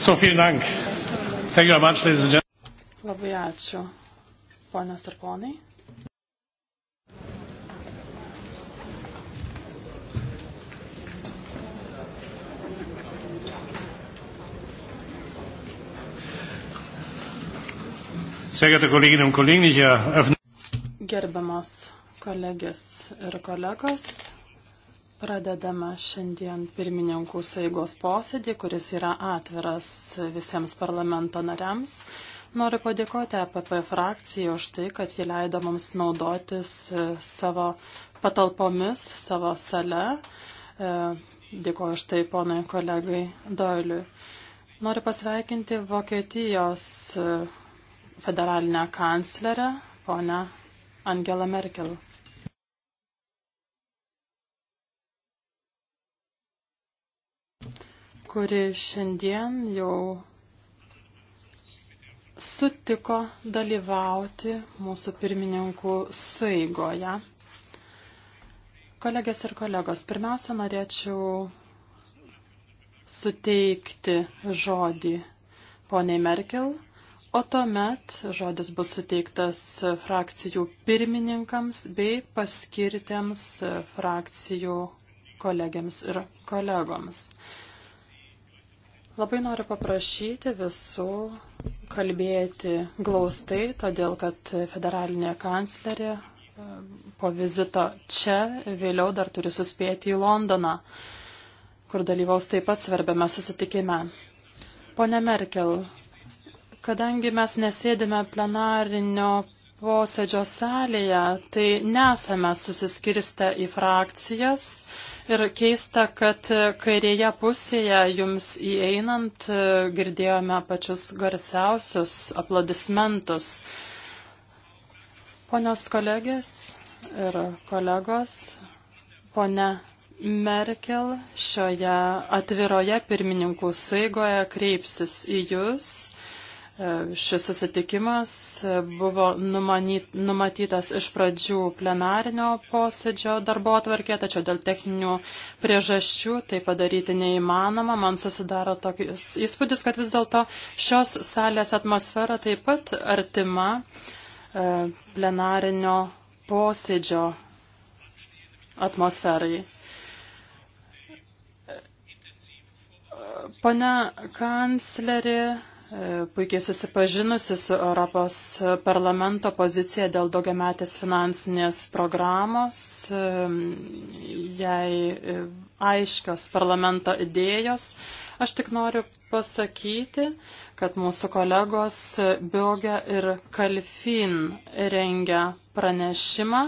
So, vielen Dank. Thank you very much, ladies and gentlemen. Labai ačiū, ponios ir ponai. Sehr geehrte Kolleginnen und Kollegen, ich eröffne. Gerbiamas kolegės ir kolegos, Pradedame šiandien pirmininkų saigos posėdį, kuris yra atviras visiems parlamento nariams. Noriu padėkoti APP e frakcijai už tai, kad ji leido mums naudotis e, savo patalpomis, savo sale. E, dėkoju už tai ponui kolegai Doiliui. Noriu pasveikinti Vokietijos federalinę kanclerę, ponę Angelą Merkel. kuri šiandien jau sutiko dalyvauti mūsų pirmininkų saigoje. Kolegės ir kolegos, pirmiausia, norėčiau suteikti žodį poniai Merkel, o tuomet žodis bus suteiktas frakcijų pirmininkams bei paskirtiems frakcijų kolegiams ir kolegoms. Labai noriu paprašyti visų kalbėti glaustai, todėl kad federalinė kanclerė e, po vizito čia vėliau dar turi suspėti į Londoną, kur dalyvaus taip pat svarbiame susitikime. Pone Merkel, kadangi mes nesėdime plenarinio posėdžio salėje, tai nesame susiskirstę į frakcijas. Ir keista, kad kairėje pusėje jums įeinant e, girdėjome pačius garsiausius aplodismentus. Ponios kolegės ir kolegos, ponia Merkel šioje atviroje pirmininkų saigoje kreipsis į jūs Šis susitikimas buvo numanyt, numatytas iš pradžių plenarinio posėdžio darbo atvarkė, tačiau dėl techninių priežasčių tai padaryti neįmanoma. Man susidaro toks įspūdis, kad vis dėlto šios salės atmosfera taip pat artima e, plenarinio posėdžio atmosferai. Pane kanclerė E, puikiai susipažinusi su Europos parlamento pozicija dėl daugiametės finansinės programos, e, jai e, aiškios parlamento idėjos. Aš tik noriu pasakyti, kad mūsų kolegos Biogia ir Kalfin rengia pranešimą,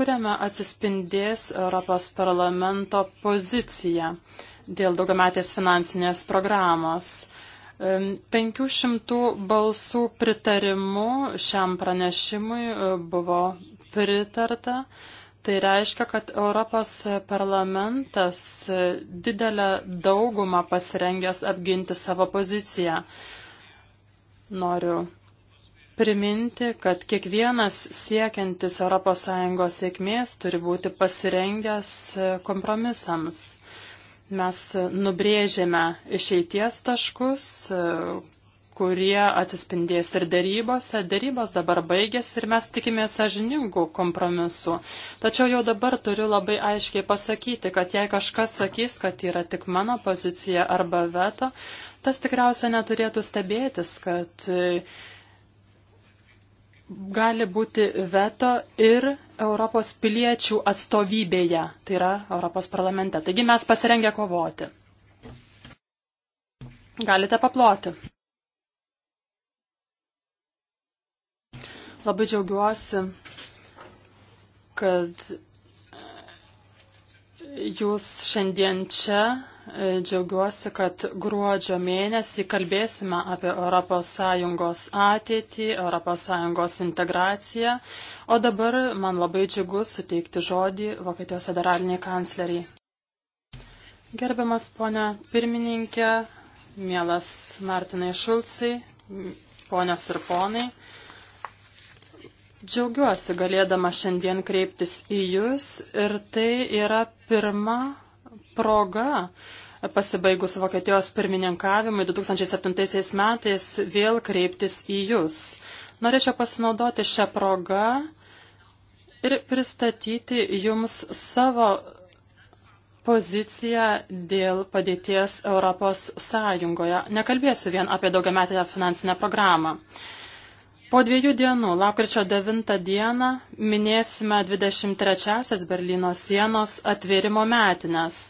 kuriame atsispindės Europos parlamento pozicija dėl daugiametės finansinės programos. 500 balsų pritarimu šiam pranešimui e, buvo pritarta. Tai reiškia, kad Europos parlamentas e, didelę daugumą pasirengęs apginti savo poziciją. Noriu priminti, kad kiekvienas siekiantis ES sėkmės turi būti pasirengęs e, kompromisams. Mes nubrėžėme išeities taškus, kurie atsispindės ir darybose. Darybos dabar baigėsi ir mes tikimės sažiningų kompromisų. Tačiau jau dabar turiu labai aiškiai pasakyti, kad jei kažkas sakys, kad yra tik mano pozicija arba veto, tas tikriausia neturėtų stebėtis, kad gali būti veto ir Europos piliečių atstovybėje, tai yra Europos parlamente. Taigi mes pasirengę kovoti. Galite paploti. Labai džiaugiuosi, kad jūs šiandien čia. Džiaugiuosi, kad gruodžio mėnesį kalbėsime apie ES ateitį, ES integraciją. O dabar man labai džiugu suteikti žodį Vokietijos federaliniai kancleriai. Gerbiamas ponia pirmininkė, mielas Martinai Šulcai, ponios ir ponai. Džiaugiuosi galėdama šiandien kreiptis į Jūs ir tai yra pirma proga pasibaigus Vokietijos pirmininkavimui 2007 metais vėl kreiptis į Jūs. Norėčiau pasinaudoti šią progą ir pristatyti Jums savo poziciją dėl padėties Europos Sąjungoje. Nekalbėsiu vien apie daugiametę finansinę programą. Po dviejų dienų, lapkričio 9 dieną, minėsime 23-asias Berlyno sienos atvėrimo metinės.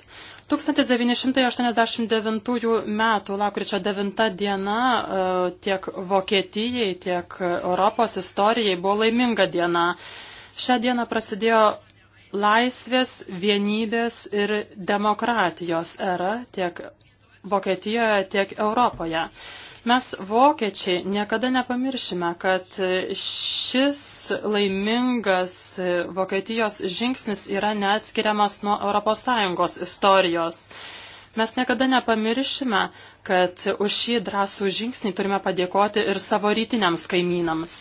1989 m. lapkričio 9 diena e, tiek Vokietijai, tiek Europos istorijai buvo laiminga diena. Šią dieną prasidėjo laisvės, vienybės ir demokratijos era tiek Vokietijoje, tiek Europoje. Mes vokiečiai niekada nepamiršime, kad šis laimingas Vokietijos žingsnis yra neatskiriamas nuo ES istorijos. Mes niekada nepamiršime, kad už šį drąsų žingsnį turime padėkoti ir savo rytiniams kaimynams.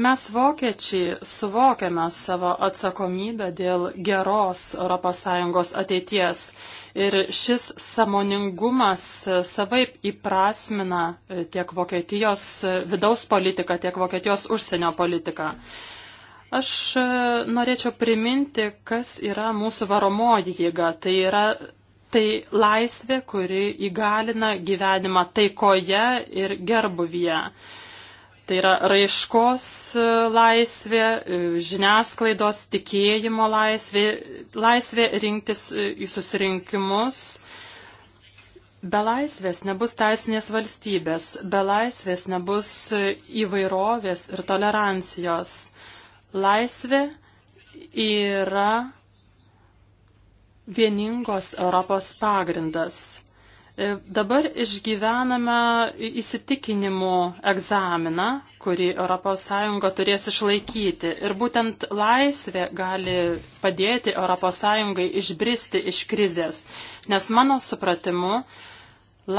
Mes vokiečiai suvokiame savo atsakomybę dėl geros ES ateities ir šis samoningumas savaip įprasmina tiek Vokietijos vidaus politiką, tiek Vokietijos užsienio politiką. Aš norėčiau priminti, kas yra mūsų varomoji jėga. Tai yra tai laisvė, kuri įgalina gyvenimą taikoje ir gerbuvyje. Tai yra raiškos e, laisvė, e, žiniasklaidos tikėjimo laisvė, laisvė rinktis e, į susirinkimus. Be laisvės nebus teisinės valstybės, be laisvės nebus įvairovės ir tolerancijos. Laisvė yra vieningos Europos pagrindas. E, dabar išgyvename įsitikinimų egzaminą, kurį ES turės išlaikyti. Ir būtent laisvė gali padėti ES išbristi iš krizės. Nes mano supratimu,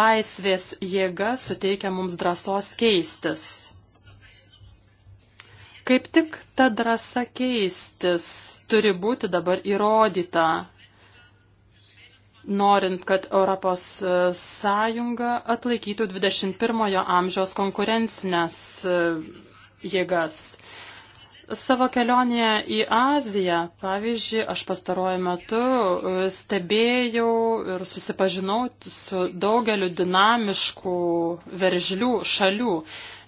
laisvės jėga suteikia mums drąsos keistis. Kaip tik ta drąsa keistis turi būti dabar įrodyta norint, kad Europos e, Sąjunga atlaikytų 21-ojo amžiaus konkurencinės e, jėgas. Savo kelionėje į Aziją, pavyzdžiui, aš pastaruoju metu e, stebėjau ir susipažinau su daugeliu dinamiškų veržlių šalių.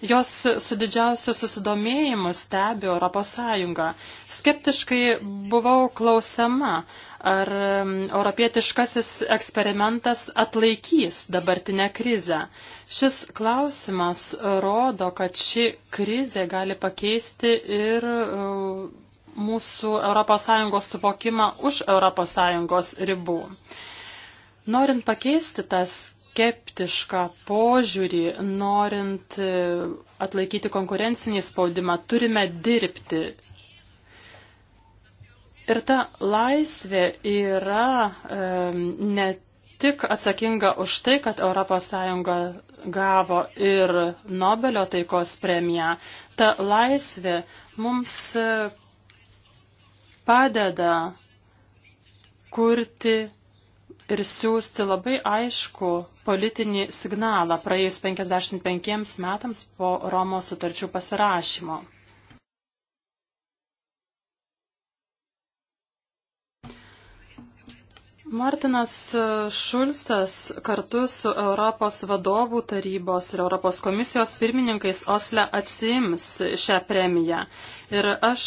Jos su didžiausiu susidomėjimu stebi Europos Sąjungą. Skeptiškai buvau klausama, ar europietiškasis eksperimentas atlaikys dabartinę krizę. Šis klausimas rodo, kad ši krizė gali pakeisti ir mūsų ES suvokimą už ES ribų. Norint pakeisti tas skeptišką požiūrį, norint atlaikyti konkurencinį spaudimą, turime dirbti Ir ta laisvė yra e, ne tik atsakinga už tai, kad ES gavo ir Nobelio taikos premiją. Ta laisvė mums e, padeda kurti ir siūsti labai aišku politinį signalą praėjus 55 metams po Romos sutarčių pasirašymo. Martinas Šulstas kartu su Europos vadovų tarybos ir Europos komisijos pirmininkais Osle atsiims šią premiją. Ir aš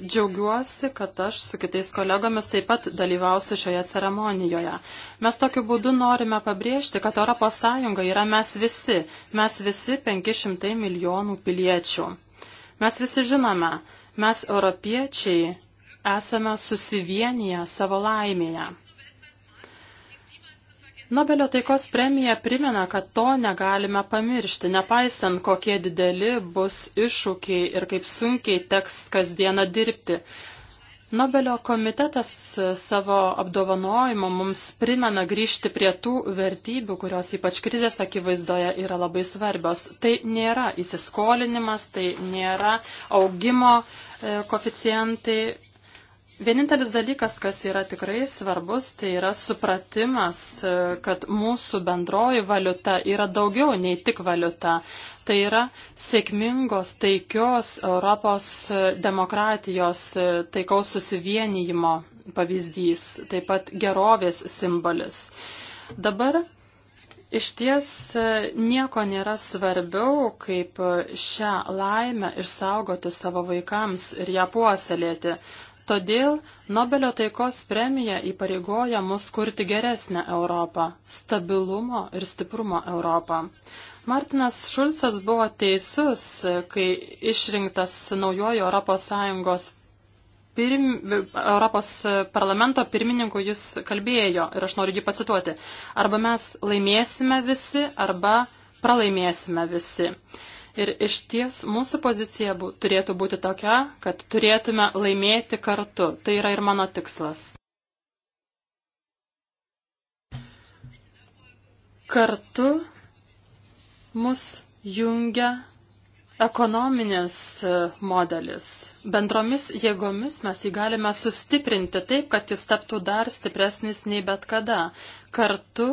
džiaugiuosi, kad aš su kitais kolegomis taip pat dalyvausiu šioje ceremonijoje. Mes tokiu būdu norime pabrėžti, kad ES yra mes visi, mes visi 500 milijonų piliečių. Mes visi žinome, mes europiečiai esame susivienyje savo laimėje. Nobelio taikos premija primena, kad to negalime pamiršti, nepaisant, kokie dideli bus iššūkiai ir kaip sunkiai teks kasdieną dirbti. Nobelio komitetas savo apdovanojimo mums primena grįžti prie tų vertybių, kurios ypač krizės akivaizdoje yra labai svarbios. Tai nėra įsiskolinimas, tai nėra augimo e, koficijantai, Vienintelis dalykas, kas yra tikrai svarbus, tai yra supratimas, e, kad mūsų bendroji valiuta yra daugiau nei tik valiuta. Tai yra sėkmingos, taikios Europos e, demokratijos, e, taikaus susivienijimo pavyzdys, taip pat gerovės simbolis. Dabar Iš ties nieko nėra svarbiau, kaip šią laimę išsaugoti savo vaikams ir ją puoselėti. Todėl Nobelio taikos premija įpareigoja mus kurti geresnę Europą, stabilumo ir stiprumo Europą. Martinas Šulcas buvo teisus, kai išrinktas naujojo ES pirm, Europos parlamento pirmininku jis kalbėjo, ir aš noriu jį pacituoti, arba mes laimėsime visi, arba pralaimėsime visi. Ir iš ties mūsų pozicija bū, turėtų būti tokia, kad turėtume laimėti kartu. Tai yra ir mano tikslas. Kartu mus jungia ekonominis e, modelis. Bendromis jėgomis mes jį galime sustiprinti taip, kad jis taptų dar stipresnis nei bet kada. Kartu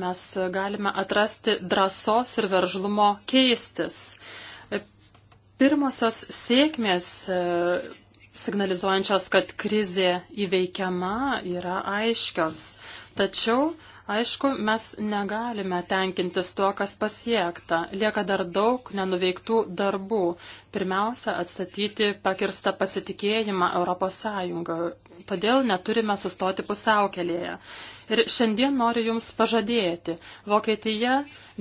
mes galime atrasti drąsos ir veržlumo keistis. Pirmosios sėkmės e, signalizuojančios, kad krizė įveikiama, yra aiškios. Tačiau Aišku, mes negalime tenkintis tuo, kas pasiekta. Lieka dar daug nenuveiktų darbų. Pirmiausia, atstatyti pakirstą pasitikėjimą ES. Todėl neturime sustoti pusiaukelėje. Ir šiandien noriu Jums pažadėti, Vokietija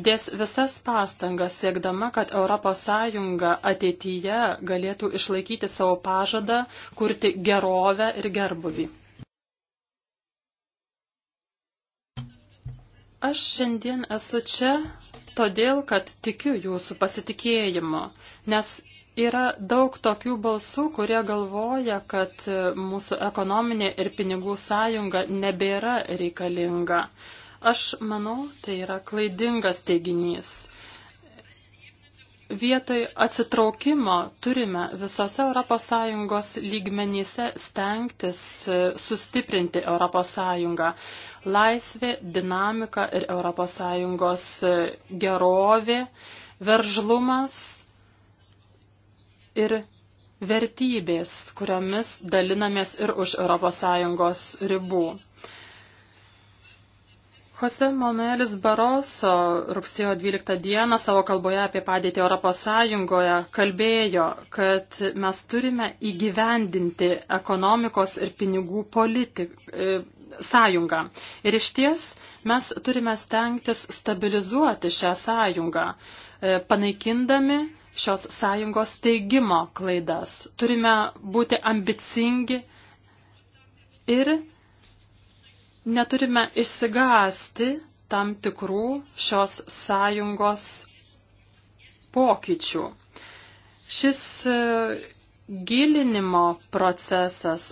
dės visas pastangas siekdama, kad ES ateityje galėtų išlaikyti savo pažadą kurti gerovę ir gerbuvį. Aš šiandien esu čia todėl, kad tikiu jūsų pasitikėjimu, nes yra daug tokių balsų, kurie galvoja, kad mūsų ekonominė ir pinigų sąjunga nebėra reikalinga. Aš manau, tai yra klaidingas teiginys. Vietoj atsitraukimo turime visose ES lygmenyse stengtis sustiprinti ES. Laisvė, dinamika ir ES e, gerovė, veržlumas ir vertybės, kuriomis dalinamės ir už ES ribų. Jose Manuelis Baroso rugsėjo 12 dieną savo kalboje apie padėtį ES kalbėjo, kad mes turime įgyvendinti ekonomikos ir pinigų politik, e, sąjungą. Ir iš ties mes turime stengtis stabilizuoti šią sąjungą, e, panaikindami šios sąjungos teigimo klaidas. Turime būti ambicingi ir neturime išsigąsti tam tikrų šios sąjungos pokyčių. Šis e, gilinimo procesas,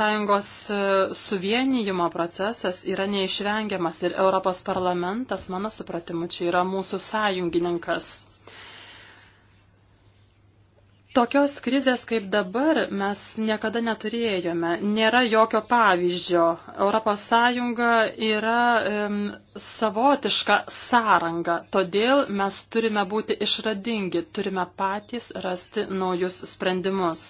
ES e, suvienijimo procesas yra neišvengiamas ir Europos parlamentas, mano supratimu, čia yra mūsų sąjungininkas. Tokios krizės kaip dabar mes niekada neturėjome. Nėra jokio pavyzdžio. ES yra um, savotiška sąranga. Todėl mes turime būti išradingi, turime patys rasti naujus sprendimus.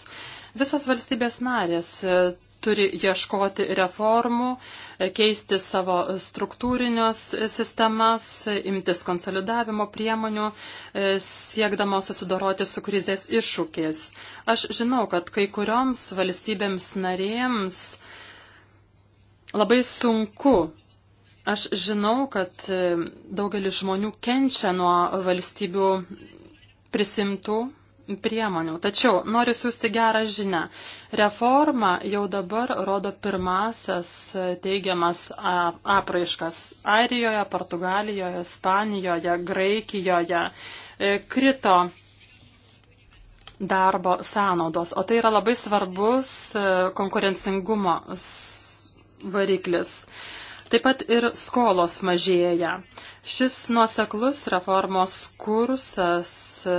Visas valstybės narės e, turi ieškoti reformų, uh, keisti savo struktūrinios sistemas, imtis konsolidavimo priemonių, e, siekdama susidoroti su krizės iššūkiais. Aš žinau, kad kai kurioms valstybėms narėms labai sunku Aš žinau, kad e, daugelis žmonių kenčia nuo valstybių prisimtų priemonių. Tačiau noriu siūsti gerą žinę. Reforma jau dabar rodo pirmasias teigiamas apraiškas Airijoje, Portugalijoje, Ispanijoje, Graikijoje. E, krito darbo sąnaudos, o tai yra labai svarbus e, konkurencingumo variklis. Taip pat ir skolos mažėja. Šis nuoseklus reformos kursas e,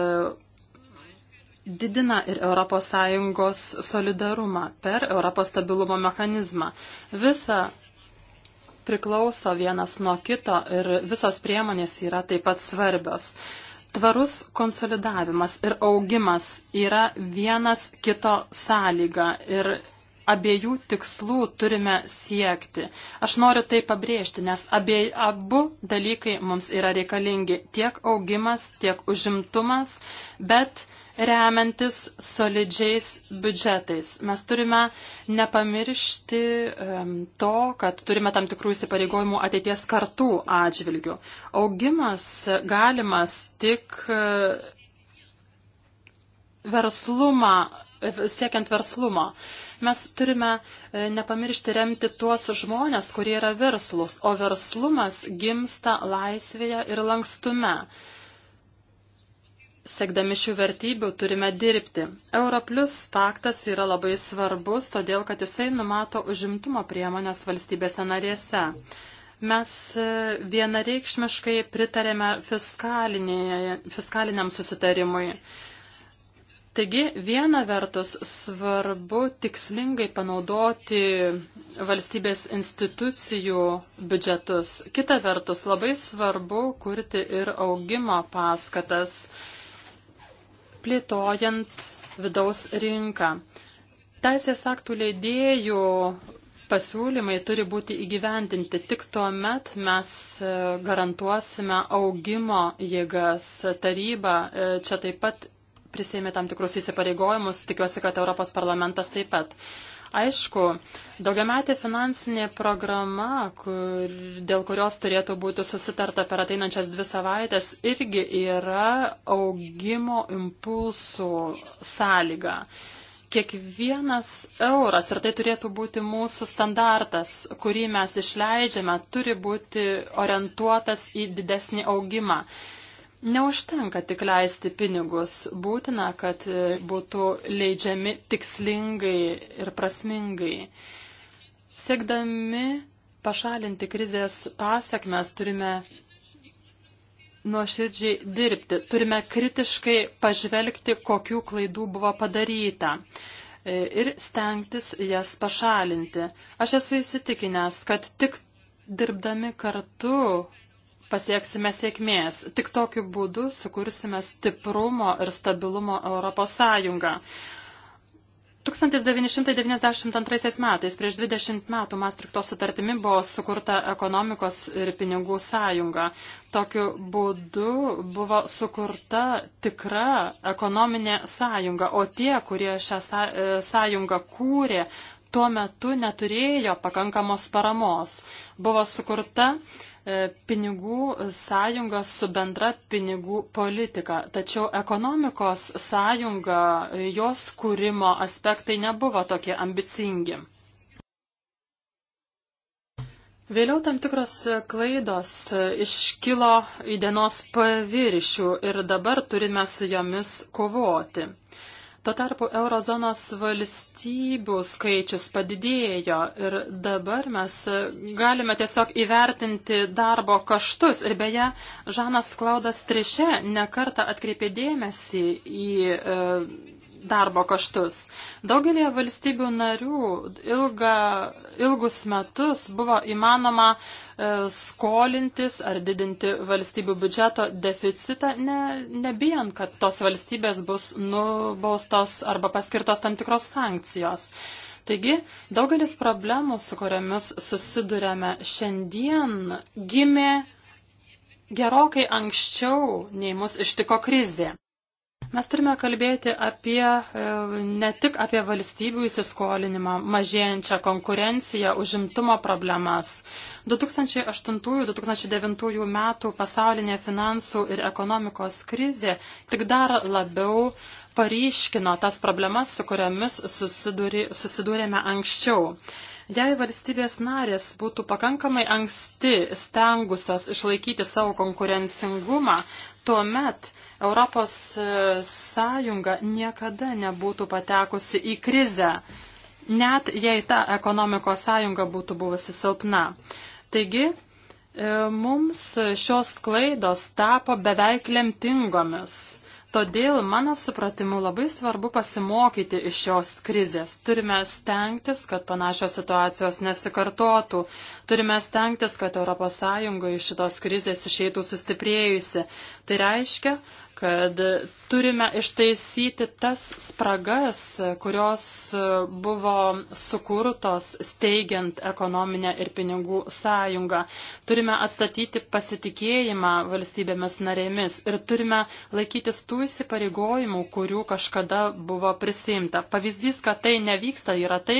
didina ir ES solidarumą per Europos stabilumo mechanizmą. Visa priklauso vienas nuo kito ir visos priemonės yra taip pat svarbios. Tvarus konsolidavimas ir augimas yra vienas kito sąlyga ir abiejų tikslų turime siekti. Aš noriu tai pabrėžti, nes abie, abu dalykai mums yra reikalingi - tiek augimas, tiek užimtumas, bet remiantis solidžiais biudžetais. Mes turime nepamiršti um, to, kad turime tam tikrų įsipareigojimų ateities kartų atžvilgių. Augimas galimas tik e, verslumą, siekiant verslumo. Mes turime e, nepamiršti remti tuos žmonės, kurie yra verslus, o verslumas gimsta laisvėje ir lankstume. Sekdami šių vertybių turime dirbti. Europlius paktas yra labai svarbus, todėl kad jisai numato užimtumo priemonės valstybėse narėse. Mes e, vienareikšmiškai pritarėme fiskaliniam susitarimui. Taigi, viena vertus svarbu tikslingai panaudoti valstybės institucijų biudžetus, kita vertus labai svarbu kurti ir augimo paskatas plėtojant vidaus rinką. Teisės aktų leidėjų pasiūlymai turi būti įgyvendinti. Tik tuo met mes e, garantuosime augimo jėgas. Taryba e, čia taip pat prisėmė tam tikrus įsipareigojimus. Tikiuosi, kad Europos parlamentas taip pat. Aišku, daugiametė finansinė programa, kur, dėl kurios turėtų būti susitarta per ateinančias dvi savaitės, irgi yra augimo impulsų sąlyga. Kiekvienas euras, ir tai turėtų būti mūsų standartas, kurį mes išleidžiame, turi būti orientuotas į didesnį augimą. Neužtenka tik leisti pinigus, būtina, kad e, būtų leidžiami tikslingai ir prasmingai. Siekdami pašalinti krizės pasiekmes turime nuoširdžiai dirbti, turime kritiškai pažvelgti, kokių klaidų buvo padaryta e, ir stengtis jas pašalinti. Aš esu įsitikinęs, kad tik dirbdami kartu pasieksime sėkmės. Tik tokiu būdu sukursime stiprumo ir stabilumo Europos Sąjungą. 1992 metais, prieš 20 metų Mastrikto sutartimi buvo sukurta ekonomikos ir pinigų sąjunga. Tokiu būdu buvo sukurta tikra ekonominė sąjunga, o tie, kurie šią e, sąjungą kūrė, tuo metu neturėjo pakankamos paramos. Buvo sukurta uh, E, pinigų sąjunga su bendra pinigų politika. Tačiau ekonomikos sąjunga, e, jos kūrimo aspektai nebuvo tokie ambicingi. Vėliau tam tikros klaidos e, iškilo į dienos paviršių ir dabar turime su jomis kovoti. Tuo tarpu eurozonos valstybių skaičius padidėjo ir dabar mes galime tiesiog įvertinti darbo kaštus. Ir beje, Žanas Klaudas Trišė nekarta atkreipė dėmesį į. E, darbo kaštus. Daugelėje valstybių narių ilga, ilgus metus buvo įmanoma e, skolintis ar didinti valstybių biudžeto deficitą, ne, nebijant, kad tos valstybės bus nubaustos arba paskirtos tam tikros sankcijos. Taigi, daugelis problemų, su kuriamis susidurėme šiandien, gimė gerokai anksčiau, nei mus ištiko krizė. Mes turime kalbėti apie e, ne tik apie valstybių įsiskolinimą, mažėjančią konkurenciją, užimtumo problemas. 2008-2009 metų pasaulinė finansų ir ekonomikos krizė tik dar labiau paryškino tas problemas, su kuriamis susidūrėme anksčiau. Jei valstybės narės būtų pakankamai anksti stengusios išlaikyti savo konkurencingumą, tuomet Europos e, Sąjunga niekada nebūtų patekusi į krizę, net jei ta ekonomikos sąjunga būtų buvusi silpna. Taigi, e, mums šios klaidos tapo beveik lemtingomis. Todėl, mano supratimu, labai svarbu pasimokyti iš šios krizės. Turime stengtis, kad panašios situacijos nesikartotų. Turime stengtis, kad ES iš šitos krizės išeitų sustiprėjusi. Tai reiškia, kad turime ištaisyti tas spragas, kurios buvo sukurtos steigiant ekonominę ir pinigų sąjungą. Turime atstatyti pasitikėjimą valstybėmis narėmis ir turime laikytis tų įsipareigojimų, kurių kažkada buvo prisimta. Pavyzdys, kad tai nevyksta, yra tai,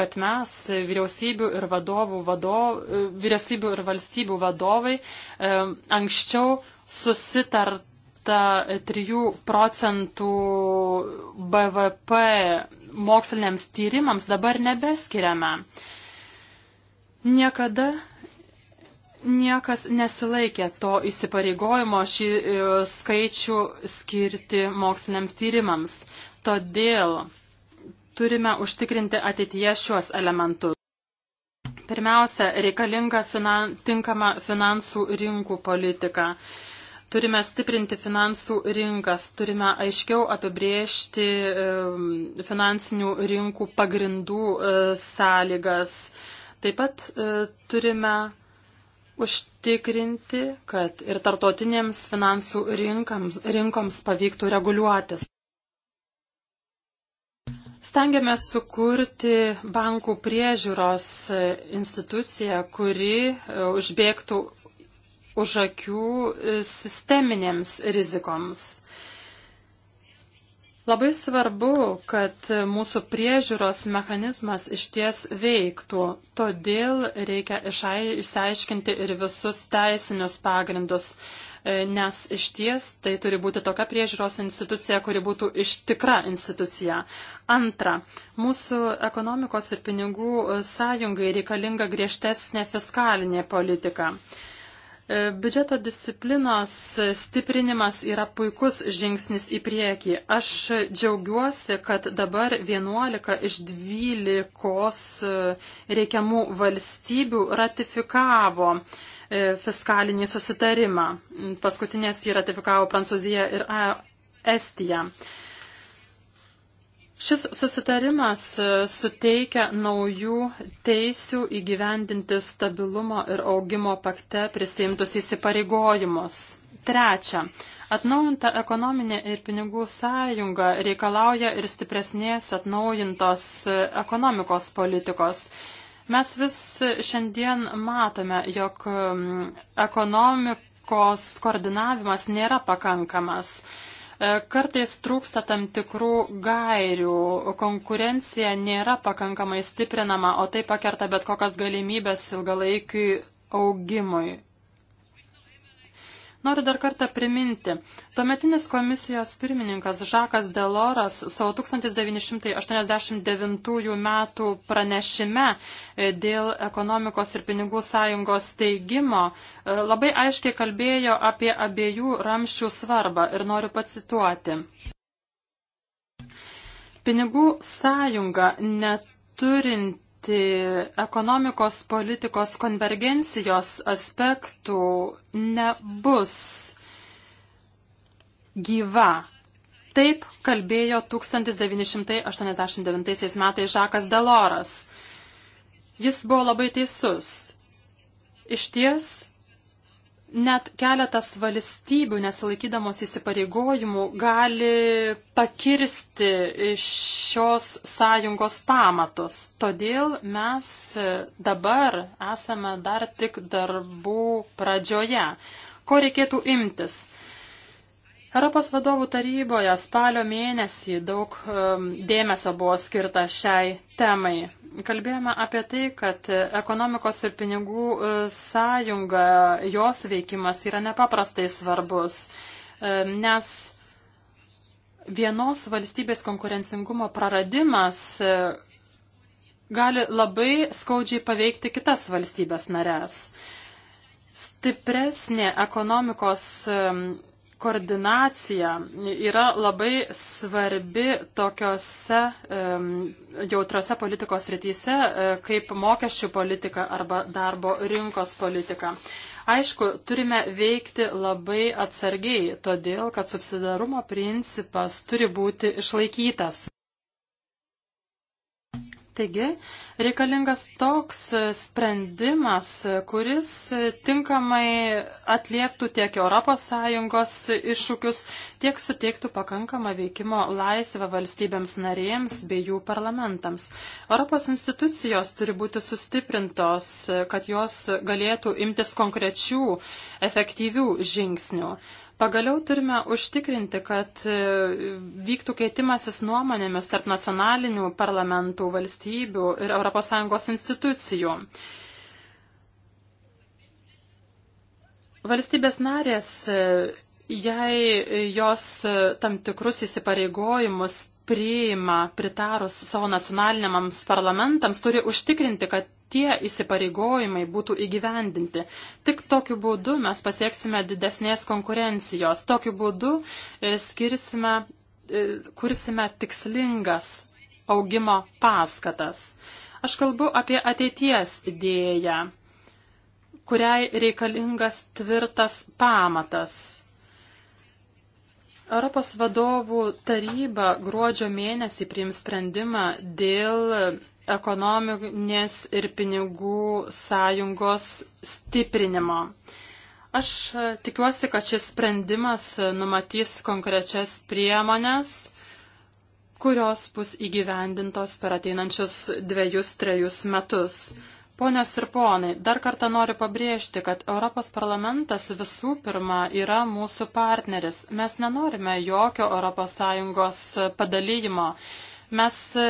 kad mes vyriausybių ir, vadovų vadov, vyriausybių ir valstybių vadovai e, anksčiau susitart numatyta 3 procentų BVP moksliniams tyrimams, dabar nebeskiriame. Niekada niekas nesilaikė to įsipareigojimo šį e, skaičių skirti moksliniams tyrimams. Todėl turime užtikrinti ateityje šiuos elementus. Pirmiausia, reikalinga finan, tinkama finansų rinkų politika. Turime stiprinti finansų rinkas, turime aiškiau apibriežti finansinių rinkų pagrindų e, sąlygas. Taip pat e, turime užtikrinti, kad ir tartotinėms finansų rinkams, rinkoms pavyktų reguliuotis. Stengiamės sukurti bankų priežiūros e, instituciją, kuri užbėgtų už akių e, sisteminėms rizikoms. Labai svarbu, kad mūsų priežiūros mechanizmas išties veiktų, todėl reikia išsiaiškinti ir visus teisinius pagrindus, e, nes išties tai turi būti tokia priežiūros institucija, kuri būtų ištikra institucija. Antra, mūsų ekonomikos ir pinigų sąjungai reikalinga griežtesnė fiskalinė politika. E, biudžeto disciplinos stiprinimas yra puikus žingsnis į priekį. Aš džiaugiuosi, kad dabar 11 iš 12 e, reikiamų valstybių ratifikavo e, fiskalinį susitarimą. Paskutinės jį ratifikavo Prancūzija ir Estija. Šis susitarimas e, suteikia naujų teisių įgyvendinti stabilumo ir augimo pakte prisimtus įsipareigojimus. Trečia, Atnaujinta ekonominė ir pinigų sąjunga reikalauja ir stipresnės atnaujintos e, ekonomikos politikos. Mes vis šiandien matome, jog ekonomikos koordinavimas nėra pakankamas. E, kartais trūksta tam tikrų gairių, konkurencija nėra pakankamai stiprinama, o tai pakerta bet kokias galimybės ilgalaikiui augimui. Noriu dar kartą priminti. Tuometinis komisijos pirmininkas Žakas Deloras savo 1989 metų pranešime e, dėl ekonomikos ir pinigų sąjungos steigimo e, labai aiškiai kalbėjo apie abiejų ramščių svarbą ir noriu pacituoti. Pinigų sąjunga neturinti ekonomikos politikos konvergencijos aspektų nebus gyva. Taip kalbėjo 1989 metais Žakas Deloras. Jis buvo labai teisus. Iš ties net keletas valstybių, nesilaikydamos įsipareigojimų, gali pakirsti šios sąjungos pamatus. Todėl mes dabar esame dar tik darbų pradžioje. Ko reikėtų imtis? Europos vadovų taryboje spalio mėnesį daug um, dėmesio buvo skirta šiai temai. Kalbėjome apie tai, kad ekonomikos ir pinigų uh, sąjunga, jos veikimas yra nepaprastai svarbus, um, nes vienos valstybės konkurencingumo praradimas uh, gali labai skaudžiai paveikti kitas valstybės narės. Stipresnė ekonomikos um, koordinacija yra labai svarbi tokiose um, jautrose politikos rytise, e, kaip mokesčių politika arba darbo rinkos politika. Aišku, turime veikti labai atsargiai, todėl kad subsidarumo principas turi būti išlaikytas. Taigi, reikalingas toks sprendimas, kuris tinkamai atlieptų tiek ES iššūkius, tiek suteiktų pakankamą veikimo laisvę valstybėms narėms bei jų parlamentams. Europos institucijos turi būti sustiprintos, kad jos galėtų imtis konkrečių, efektyvių žingsnių. Pagaliau turime užtikrinti, kad e, vyktų keitimasis nuomonėmis tarp nacionalinių parlamentų, valstybių ir ES institucijų. Valstybės narės, e, jei jos e, tam tikrus įsipareigojimus priima pritarus savo nacionaliniams parlamentams, turi užtikrinti, kad tie įsipareigojimai būtų įgyvendinti. Tik tokiu būdu mes pasieksime didesnės konkurencijos, tokiu būdu e, skirsime, e, kursime tikslingas augimo paskatas. Aš kalbu apie ateities idėją, kuriai reikalingas tvirtas pamatas Europos vadovų taryba gruodžio mėnesį priims sprendimą dėl ekonominės ir pinigų sąjungos stiprinimo. Aš tikiuosi, kad šis sprendimas numatys konkrečias priemonės, kurios bus įgyvendintos per ateinančius dviejus, trejus metus. Mm. Ponios ir ponai, dar kartą noriu pabrėžti, kad Europos parlamentas visų pirma yra mūsų partneris. Mes nenorime jokio ES padalyjimo. Mes e,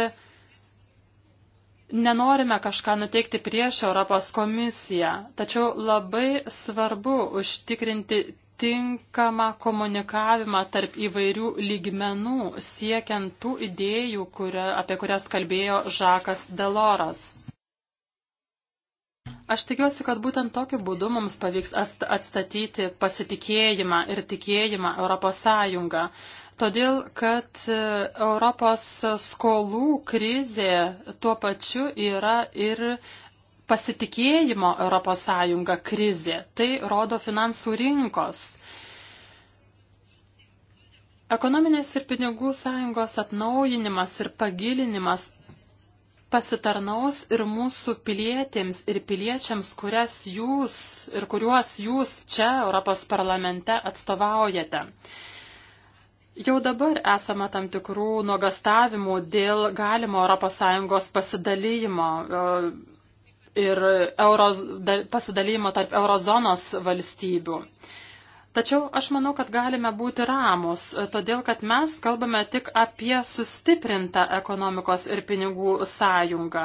nenorime kažką nuteikti prieš Europos komisiją, tačiau labai svarbu užtikrinti tinkamą komunikavimą tarp įvairių lygmenų, siekiant tų idėjų, kuria, apie kurias kalbėjo Žakas Deloras. Aš tikiuosi, kad būtent tokiu būdu mums pavyks atstatyti pasitikėjimą ir tikėjimą Europos Sąjungą. Todėl, kad e, Europos skolų krizė tuo pačiu yra ir pasitikėjimo Europos Sąjunga krizė. Tai rodo finansų rinkos. Ekonominės ir pinigų sąjungos atnaujinimas ir pagilinimas pasitarnaus ir mūsų pilietėms ir piliečiams, kurias jūs ir kuriuos jūs čia Europos parlamente atstovaujate. Jau dabar esame tam tikrų nuogastavimų dėl galimo ES pasidalymo e, ir euros, pasidalymo tarp eurozonos valstybių. Tačiau aš manau, kad galime būti ramus, e, todėl kad mes kalbame tik apie sustiprintą ekonomikos ir pinigų sąjungą,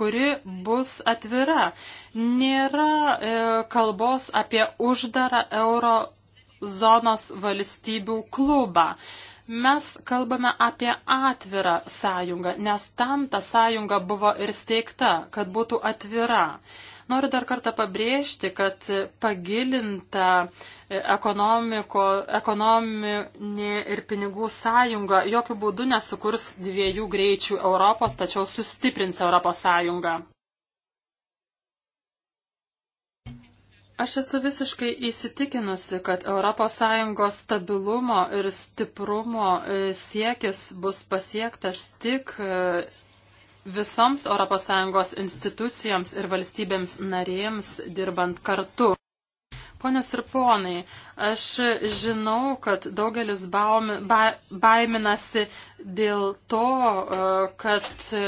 kuri bus atvira. Nėra e, kalbos apie uždarą euro zonos valstybių klubą. Mes kalbame apie atvirą sąjungą, nes tam ta sąjunga buvo ir steigta, kad būtų atvira. Noriu dar kartą pabrėžti, kad pagilinta e, ekonomiko, ekonominė ir pinigų sąjunga jokių būdų nesukurs dviejų greičių Europos, tačiau sustiprins Europos sąjungą. Aš esu visiškai įsitikinusi, kad ES stabilumo ir stiprumo e, siekis bus pasiektas tik e, visoms ES institucijoms ir valstybėms narėms dirbant kartu. Ponios ir ponai, aš žinau, kad daugelis baumi, ba, baiminasi dėl to, e, kad e,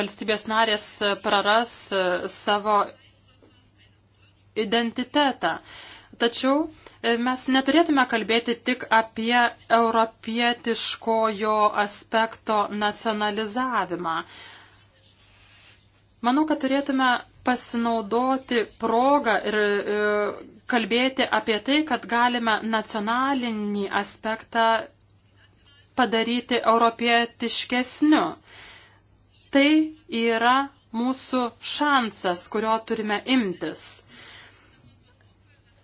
valstybės narės praras e, savo identitetą. Tačiau mes neturėtume kalbėti tik apie europietiškojo aspekto nacionalizavimą. Manau, kad turėtume pasinaudoti progą ir e, kalbėti apie tai, kad galime nacionalinį aspektą padaryti europietiškesniu. Tai yra mūsų šansas, kurio turime imtis.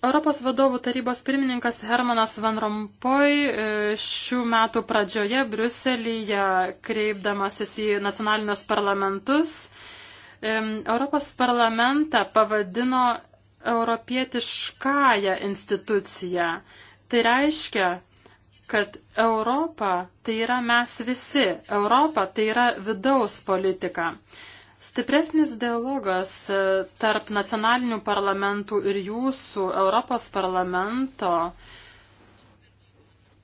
Europos vadovų tarybos pirmininkas Hermanas Van Rompuy e, šių metų pradžioje Briuselyje kreipdamasis į nacionalinius parlamentus e, Europos parlamentą pavadino europietiškąją instituciją. Tai reiškia, kad Europa tai yra mes visi, Europa tai yra vidaus politika. Stipresnis dialogas e, tarp nacionalinių parlamentų ir jūsų Europos parlamento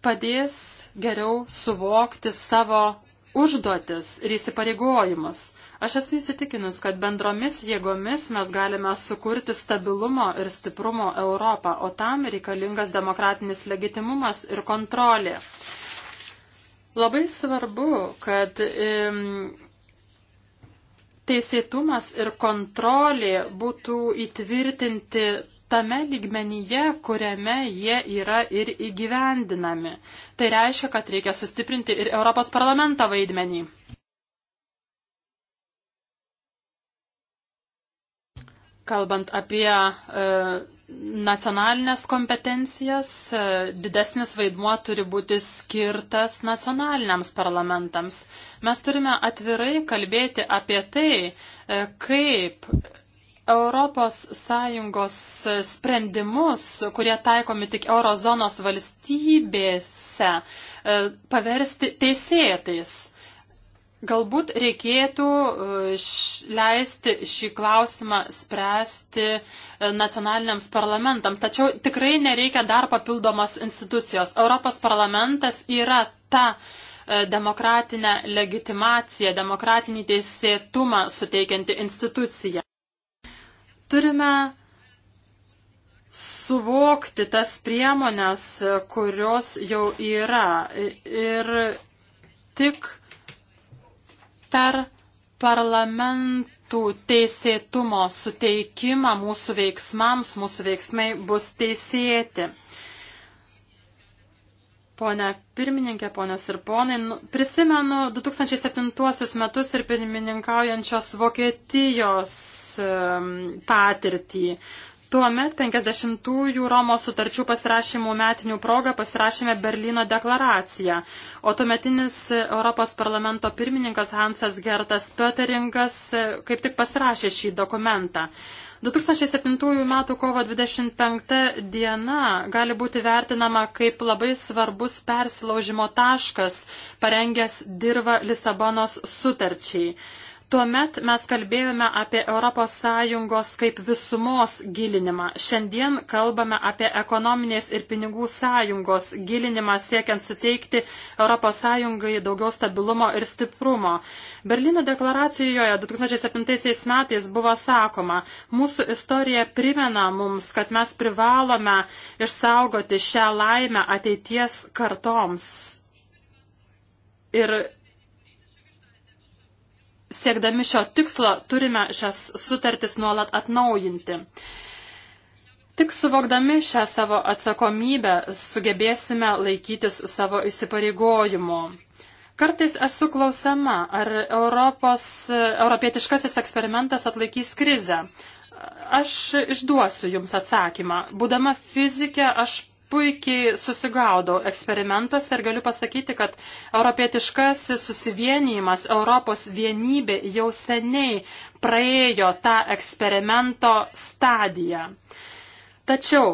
padės geriau suvokti savo užduotis ir įsipareigojimus. Aš esu įsitikinus, kad bendromis jėgomis mes galime sukurti stabilumo ir stiprumo Europą, o tam reikalingas demokratinis legitimumas ir kontrolė. Labai svarbu, kad teisėtumas ir kontrolė būtų įtvirtinti tame lygmenyje, kuriame jie yra ir įgyvendinami. Tai reiškia, kad reikia sustiprinti ir Europos parlamento vaidmenį. kalbant apie e, nacionalinės kompetencijas, e, didesnis vaidmuo turi būti skirtas nacionaliniams parlamentams. Mes turime atvirai kalbėti apie tai, e, kaip ES sprendimus, kurie taikomi tik eurozonos valstybėse, paversti teisėtais. Galbūt reikėtų e, leisti šį klausimą spręsti e, nacionaliniams parlamentams, tačiau tikrai nereikia dar papildomos institucijos. Europos parlamentas yra ta e, demokratinę legitimaciją, demokratinį teisėtumą suteikianti institucija. Turime suvokti tas priemonės, kurios jau yra. Ir tik per parlamentų teisėtumo suteikimą mūsų veiksmams, mūsų veiksmai bus teisėti. Pone pirmininkė, ponios ir ponai, nu, prisimenu 2007 metus ir pirmininkaujančios Vokietijos patirtį. Tuomet 50-ųjų Romos sutarčių pasirašymų metinių progą pasirašėme Berlyno deklaraciją, o tuometinis Europos parlamento pirmininkas Hansas Gertas Pöteringas e, kaip tik pasirašė šį dokumentą. 2007 m. kovo 25 diena gali būti vertinama kaip labai svarbus persilaužimo taškas, parengęs dirbą Lisabonos sutarčiai. Tuomet mes kalbėjome apie ES kaip visumos gilinimą. Šiandien kalbame apie ekonominės ir pinigų sąjungos gilinimą siekiant suteikti ES daugiau stabilumo ir stiprumo. Berlyno deklaracijoje 2007 metais buvo sakoma, mūsų istorija primena mums, kad mes privalome išsaugoti šią laimę ateities kartoms. Ir siekdami šio tikslo turime šias sutartis nuolat atnaujinti. Tik suvokdami šią savo atsakomybę sugebėsime laikytis savo įsipareigojimo. Kartais esu klausama, ar Europos, europietiškasis eksperimentas atlaikys krizę. Aš išduosiu Jums atsakymą. Būdama fizikė, aš puikiai susigaudau eksperimentuose ir galiu pasakyti, kad europietiškasis susivienijimas, Europos vienybė jau seniai praėjo tą eksperimento stadiją. Tačiau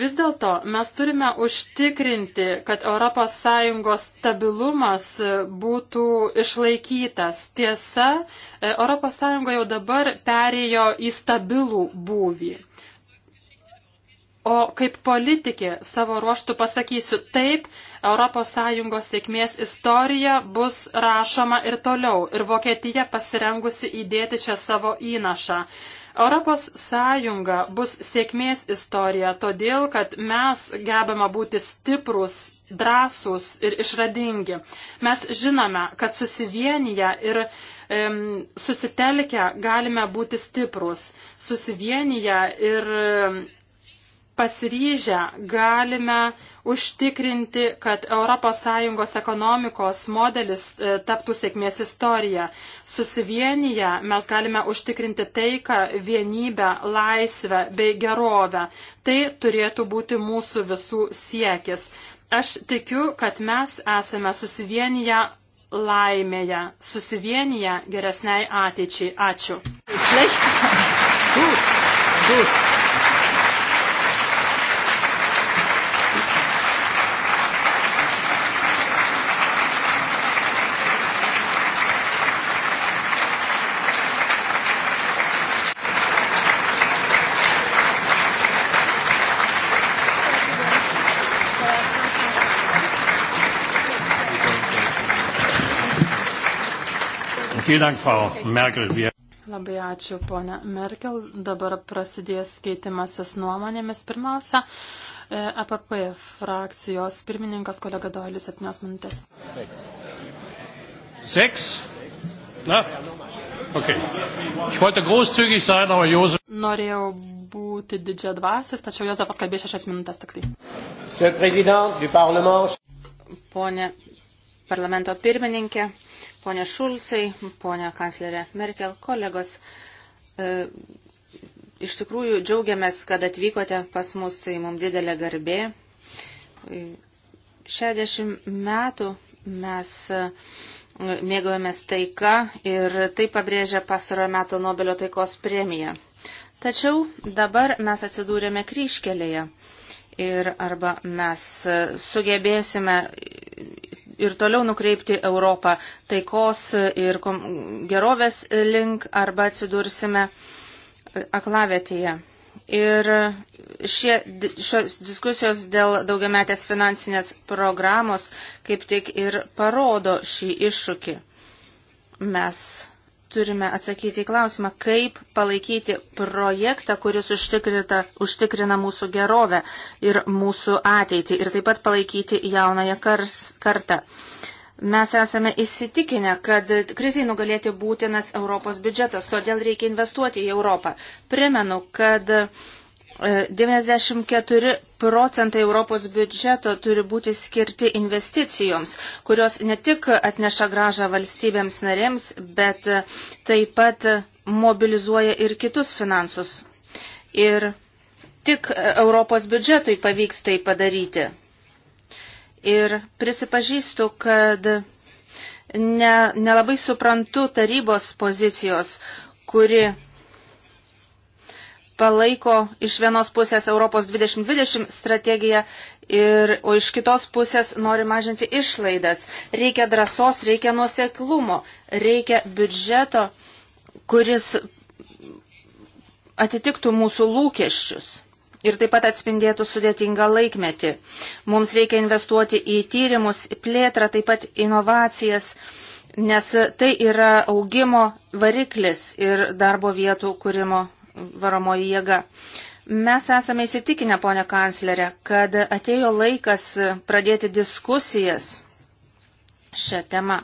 Vis dėlto mes turime užtikrinti, kad ES stabilumas būtų išlaikytas. Tiesa, ES jau dabar perėjo į stabilų būvį. O kaip politikė savo ruoštų pasakysiu, taip, ES sėkmės istorija bus rašoma ir toliau, ir Vokietija pasirengusi įdėti čia savo įnašą. ES bus sėkmės istorija, todėl, kad mes gebame būti stiprus, drąsus ir išradingi. Mes žinome, kad susivienyje ir susitelkę galime būti stiprus, susivienyje ir pasiryžę galime užtikrinti, kad ES ekonomikos modelis e, taptų sėkmės istorija. Susivienyje mes galime užtikrinti taiką, vienybę, laisvę bei gerovę. Tai turėtų būti mūsų visų siekis. Aš tikiu, kad mes esame susivienyje laimėje, susivienyje geresniai ateičiai. Ačiū. Gut, gut. Labai ačiū, ponia Merkel. Dabar prasidės keitimasis nuomonėmis. Pirmiausia, EPP frakcijos pirmininkas kolega Doilis 7 minutės. 6? Na, Okay. Ich wollte großzügig sein, aber Josef. Norėjau būti didžia dvasis, tačiau Josefas kalbėjo šešias minutės tik tai. Pone parlamento pirmininkė, ponė Šulcai, ponė kanclerė Merkel, kolegos. E, iš tikrųjų džiaugiamės, kad atvykote pas mus, tai mums didelė garbė. 60 e, metų mes e, mėgojamės taika ir tai pabrėžia pastarojo meto Nobelio taikos premiją. Tačiau dabar mes atsidūrėme kryškelėje ir arba mes e, sugebėsime ir toliau nukreipti Europą taikos ir gerovės link arba atsidursime aklavėtėje. Ir šie, šios diskusijos dėl daugiametės finansinės programos kaip tik ir parodo šį iššūkį. Mes turime atsakyti į klausimą, kaip palaikyti projektą, kuris užtikrina mūsų gerovę ir mūsų ateitį ir taip pat palaikyti jaunąją kars, kartą. Mes esame įsitikinę, kad kriziai nugalėti būtinas Europos biudžetas, todėl reikia investuoti į Europą. Primenu, kad 94 procentai Europos biudžeto turi būti skirti investicijoms, kurios ne tik atneša gražą valstybėms narėms, bet taip pat mobilizuoja ir kitus finansus. Ir tik Europos biudžetui pavyks tai padaryti. Ir prisipažįstu, kad ne, nelabai suprantu tarybos pozicijos, kuri palaiko iš vienos pusės Europos 2020 strategiją, ir, o iš kitos pusės nori mažinti išlaidas. Reikia drąsos, reikia nuoseklumo, reikia biudžeto, kuris atitiktų mūsų lūkesčius. Ir taip pat atspindėtų sudėtingą laikmetį. Mums reikia investuoti į tyrimus, į plėtrą, taip pat inovacijas, nes tai yra augimo variklis ir darbo vietų kūrimo varomoji jėga. Mes esame įsitikinę, ponė kanclerė, kad atėjo laikas pradėti diskusijas šią temą.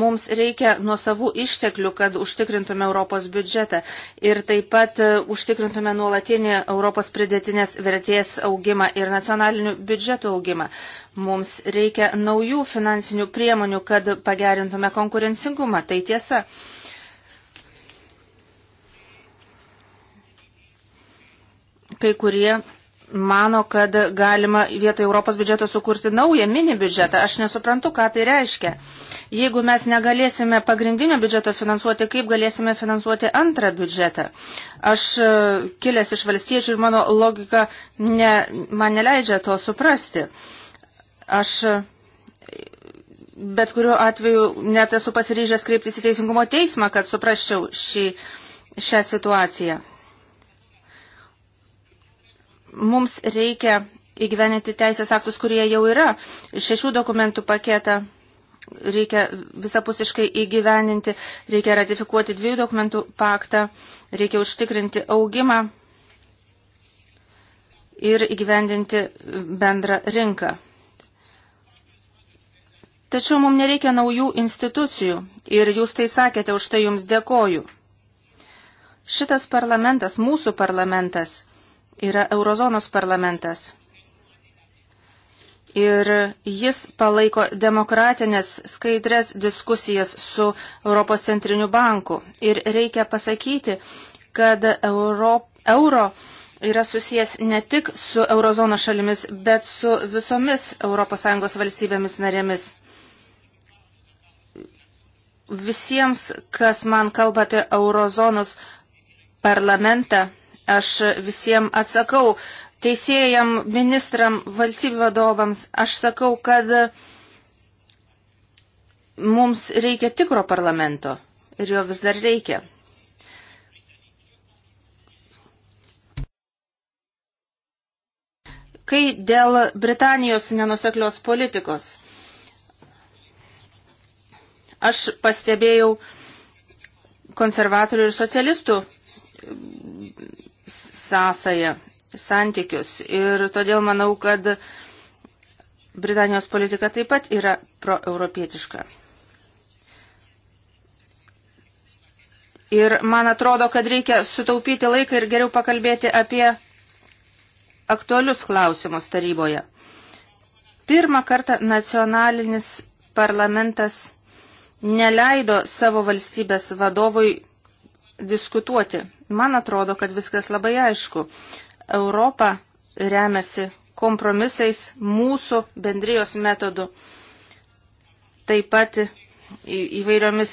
Mums reikia nuo savų išteklių, kad užtikrintume Europos biudžetą ir taip pat e, užtikrintume nuolatinį Europos pridėtinės vertės augimą ir nacionalinių biudžetų augimą. Mums reikia naujų finansinių priemonių, kad pagerintume konkurencingumą. Tai tiesa. kai kurie mano, kad galima vietoj Europos biudžeto sukurti naują mini biudžetą. Aš nesuprantu, ką tai reiškia. Jeigu mes negalėsime pagrindinio biudžeto finansuoti, kaip galėsime finansuoti antrą biudžetą? Aš e, kilęs iš valstiečių ir mano logika ne, man neleidžia to suprasti. Aš e, bet kuriuo atveju net esu pasiryžęs kreiptis į Teisingumo teismą, kad suprasčiau šį, šią situaciją mums reikia įgyveninti teisės aktus, kurie jau yra. Šešių dokumentų paketą reikia visapusiškai įgyveninti, reikia ratifikuoti dviejų dokumentų paktą, reikia užtikrinti augimą ir įgyvendinti bendrą rinką. Tačiau mums nereikia naujų institucijų ir jūs tai sakėte, už tai jums dėkoju. Šitas parlamentas, mūsų parlamentas, yra Eurozonos parlamentas. Ir jis palaiko demokratinės skaidrės diskusijas su Europos centriniu banku. Ir reikia pasakyti, kad euro, euro yra susijęs ne tik su eurozono šalimis, bet su visomis ES valstybėmis narėmis. Visiems, kas man kalba apie eurozonos parlamentą, Aš visiems atsakau, teisėjam, ministram, valstybių vadovams, aš sakau, kad mums reikia tikro parlamento ir jo vis dar reikia. Kai dėl Britanijos nenuseklios politikos, aš pastebėjau konservatorių ir socialistų sąsają, santykius. Ir todėl manau, kad Britanijos politika taip pat yra proeuropietiška. Ir man atrodo, kad reikia sutaupyti laiką ir geriau pakalbėti apie aktualius klausimus taryboje. Pirmą kartą nacionalinis parlamentas neleido savo valstybės vadovui diskutuoti. Man atrodo, kad viskas labai aišku. Europa remiasi kompromisais mūsų bendrijos metodu, taip pat įvairiomis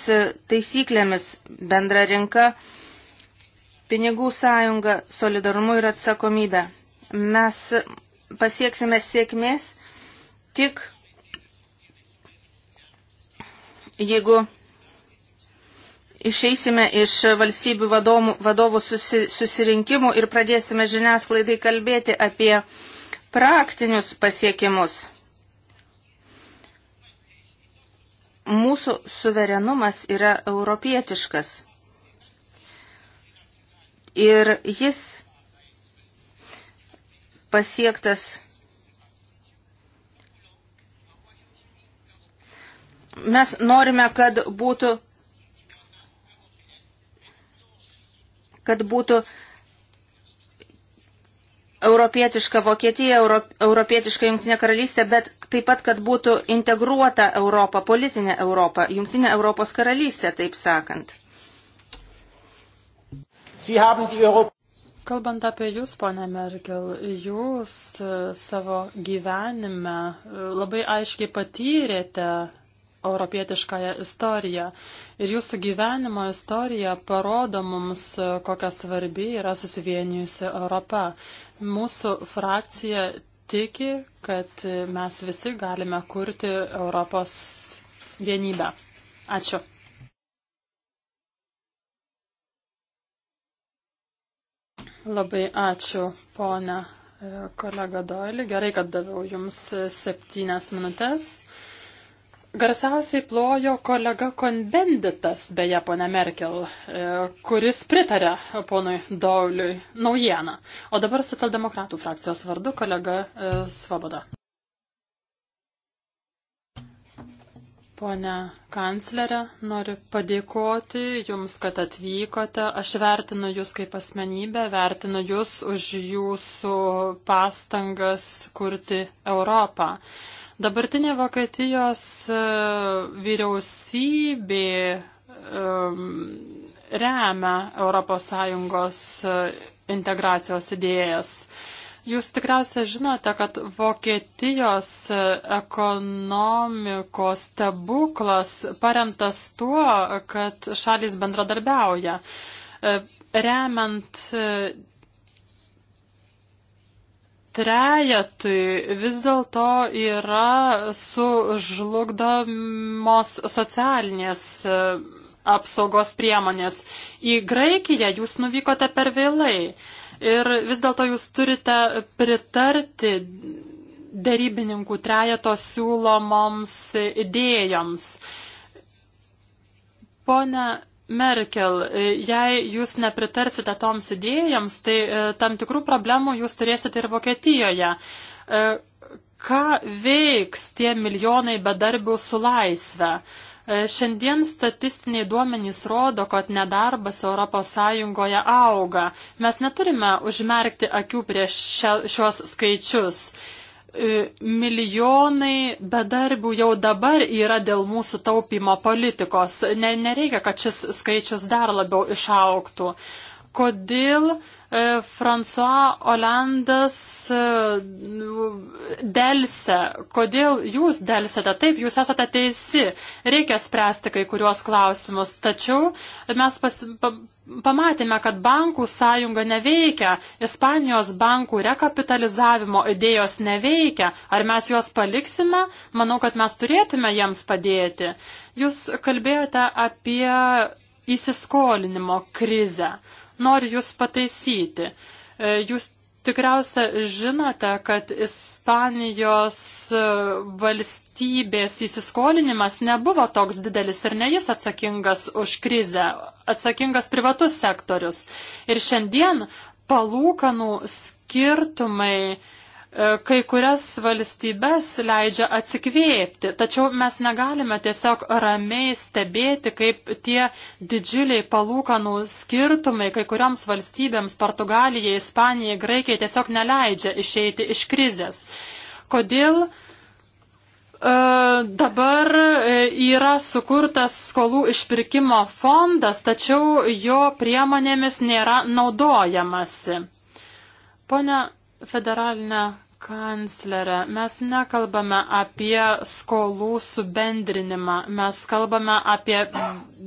taisyklėmis bendra rinka, pinigų sąjunga, solidarumu ir atsakomybė. Mes pasieksime sėkmės tik jeigu išeisime iš valstybių vadovų, vadovų susi, susirinkimų ir pradėsime žiniasklaidai kalbėti apie praktinius pasiekimus. Mūsų suverenumas yra europietiškas ir jis pasiektas mes norime, kad būtų kad būtų europietiška Vokietija, euro, europietiška Junktinė karalystė, bet taip pat, kad būtų integruota Europa, politinė Europa, Junktinė Europos karalystė, taip sakant. Kalbant apie Jūs, ponė Merkel, Jūs e, savo gyvenime e, labai aiškiai patyrėte europietiškąją istoriją. Ir jūsų gyvenimo istorija parodo mums, kokia svarbi yra susivienijusi Europa. Mūsų frakcija tiki, kad mes visi galime kurti Europos vienybę. Ačiū. Labai ačiū, ponia e, kolega Doili. Gerai, kad daviau jums septynias minutės. Garsiausiai plojo kolega Konbenditas, beje, ponė Merkel, e, kuris pritarė ponui Dauliui naujieną. O dabar socialdemokratų frakcijos vardu kolega e, Svoboda. Pone kanclerė, noriu padėkoti Jums, kad atvykote. Aš vertinu Jūs kaip asmenybę, vertinu Jūs už Jūsų pastangas kurti Europą. Dabartinė Vokietijos e, vyriausybė e, remia ES e, integracijos idėjas. Jūs tikriausiai žinote, kad Vokietijos ekonomikos stebuklas paremtas tuo, kad šalis bendradarbiauja. Remiant trejetui vis dėlto yra sužlugdomos socialinės e, apsaugos priemonės. Į Graikiją jūs nuvykote per vėlai ir vis dėlto jūs turite pritarti darybininkų trejeto siūlomoms idėjoms. Pone Merkel, e, jei jūs nepritarsite toms idėjams, tai e, tam tikrų problemų jūs turėsite ir Vokietijoje. E, ką veiks tie milijonai bedarbių su laisve? Šiandien statistiniai duomenys rodo, kad nedarbas ES auga. Mes neturime užmerkti akių prieš šios skaičius. E, milijonai bedarbių jau dabar yra dėl mūsų taupimo politikos. Ne, nereikia, kad šis skaičius dar labiau išauktų. Kodėl uh, E, François Olandas e, dėlse. Kodėl jūs dėlsite? Taip, jūs esate teisi. Reikia spręsti kai kuriuos klausimus. Tačiau mes pas, pa, pamatėme, kad bankų sąjunga neveikia. Ispanijos bankų rekapitalizavimo idėjos neveikia. Ar mes juos paliksime? Manau, kad mes turėtume jiems padėti. Jūs kalbėjote apie įsiskolinimo krizę. Noriu Jūs pataisyti. E, jūs tikriausia žinote, kad Ispanijos e, valstybės įsiskolinimas nebuvo toks didelis ir ne jis atsakingas už krizę, atsakingas privatus sektorius. Ir šiandien palūkanų skirtumai E, kai kurias valstybes leidžia atsikvėpti, tačiau mes negalime tiesiog ramiai stebėti, kaip tie didžiuliai palūkanų skirtumai kai kurioms valstybėms - Portugalijai, Ispanijai, Graikijai - tiesiog neleidžia išeiti iš krizės. Kodėl? E, dabar e, yra sukurtas skolų išpirkimo fondas, tačiau jo priemonėmis nėra naudojamasi. Pone federalinę kanclerę, mes nekalbame apie skolų subendrinimą, mes kalbame apie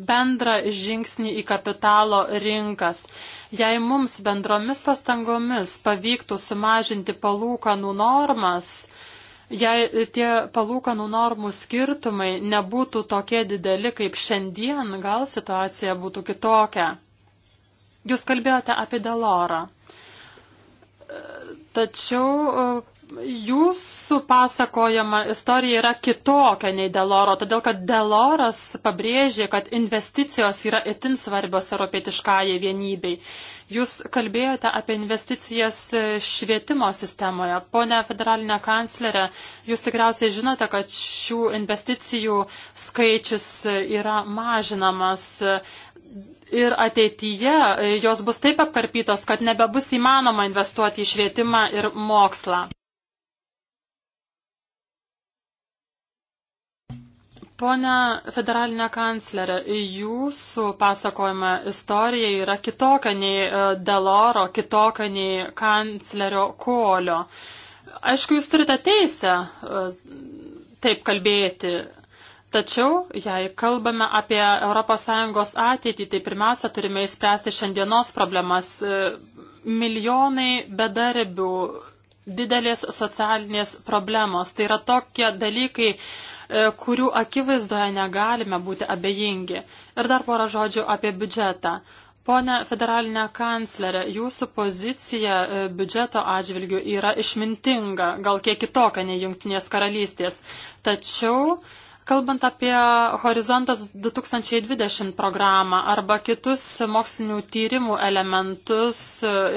bendrą žingsnį į kapitalo rinkas. Jei mums bendromis pastangomis pavyktų sumažinti palūkanų normas, jei tie palūkanų normų skirtumai nebūtų tokie dideli kaip šiandien, gal situacija būtų kitokia. Jūs kalbėjote apie Delorą. Tačiau e, jūsų pasakojama istorija yra kitokia nei Deloro, todėl kad Deloras pabrėžė, kad investicijos yra itin svarbios europietiškajai vienybei. Jūs kalbėjote apie investicijas e, švietimo sistemoje. Pone federalinė kanclerė, jūs tikriausiai žinote, kad šių investicijų skaičius e, yra mažinamas ir ateityje e, jos bus taip apkarpytos, kad nebebus įmanoma investuoti į švietimą ir mokslą. Pone federalinė kanclerė, jūsų pasakojama istorija yra kitokia nei e, Deloro, kitokia nei kanclerio Kolio. Aišku, jūs turite teisę e, taip kalbėti, Tačiau, jei kalbame apie ES ateitį, tai pirmiausia turime įspręsti šiandienos problemas. E, milijonai bedarbių, didelės socialinės problemos. Tai yra tokie dalykai, e, kurių akivaizdoje negalime būti abejingi. Ir dar porą žodžių apie biudžetą. Pone federalinė kanclerė, jūsų pozicija e, biudžeto atžvilgių yra išmintinga, gal kiek kitokia nei Junktinės karalystės. Tačiau Kalbant apie Horizontas 2020 programą arba kitus mokslinių tyrimų elementus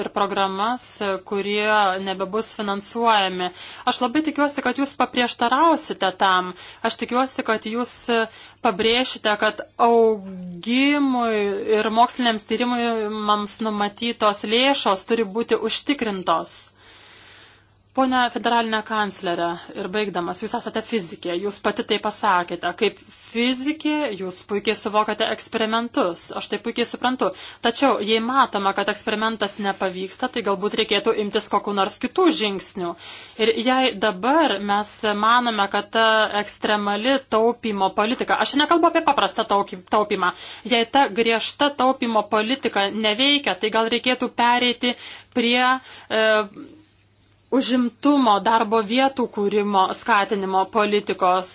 ir programas, kurie nebebus finansuojami, aš labai tikiuosi, kad jūs paprieštarausite tam. Aš tikiuosi, kad jūs pabrėšite, kad augimui ir moksliniams tyrimams numatytos lėšos turi būti užtikrintos. Pone federalinė kanclerė, ir baigdamas, jūs esate fizikė, jūs pati tai pasakėte. Kaip fizikė, jūs puikiai suvokate eksperimentus, aš tai puikiai suprantu. Tačiau, jei matoma, kad eksperimentas nepavyksta, tai galbūt reikėtų imtis kokiu nors kitų žingsnių. Ir jei dabar mes manome, kad ta ekstremali taupimo politika, aš nekalbu apie paprastą taupimą, jei ta griežta taupimo politika neveikia, tai gal reikėtų pereiti prie. E, užimtumo darbo vietų kūrimo skatinimo politikos.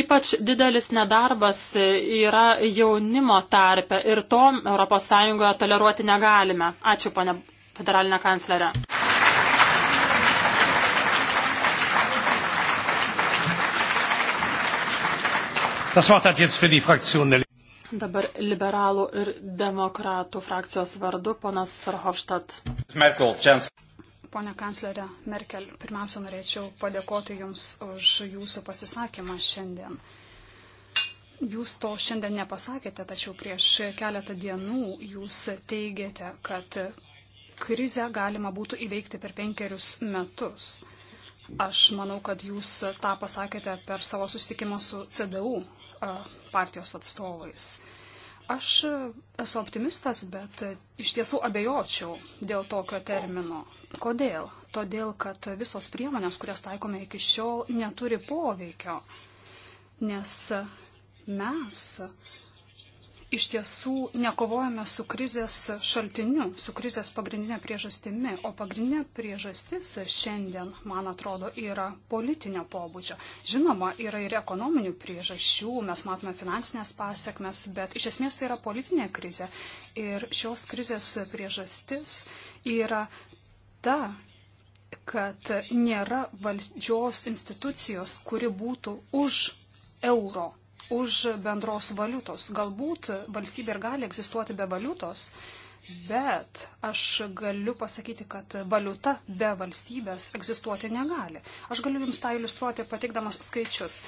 Ypač didelis nedarbas yra jaunimo tarpe ir to ES toleruoti negalime. Ačiū, ponė federalinė kanclerė. Dabar liberalų ir demokratų frakcijos vardu ponas Verhofstadt. Merkel, Pone kanclerė Merkel, pirmiausia, norėčiau padėkoti Jums už Jūsų pasisakymą šiandien. Jūs to šiandien nepasakėte, tačiau prieš keletą dienų Jūs teigėte, kad krizę galima būtų įveikti per penkerius metus. Aš manau, kad Jūs tą pasakėte per savo susitikimą su CDU partijos atstovais. Aš esu optimistas, bet iš tiesų abejočiau dėl tokio termino. Kodėl? Todėl, kad visos priemonės, kurias taikome iki šiol, neturi poveikio, nes mes iš tiesų nekovojame su krizės šaltiniu, su krizės pagrindinė priežastimi, o pagrindinė priežastis šiandien, man atrodo, yra politinio pobūdžio. Žinoma, yra ir ekonominių priežasčių, mes matome finansinės pasiekmes, bet iš esmės tai yra politinė krizė ir šios krizės priežastis yra ta, kad nėra valdžios institucijos, kuri būtų už euro, už bendros valiutos. Galbūt valstybė ir gali egzistuoti be valiutos, bet aš galiu pasakyti, kad valiuta be valstybės egzistuoti negali. Aš galiu Jums tą iliustruoti patikdamas skaičius.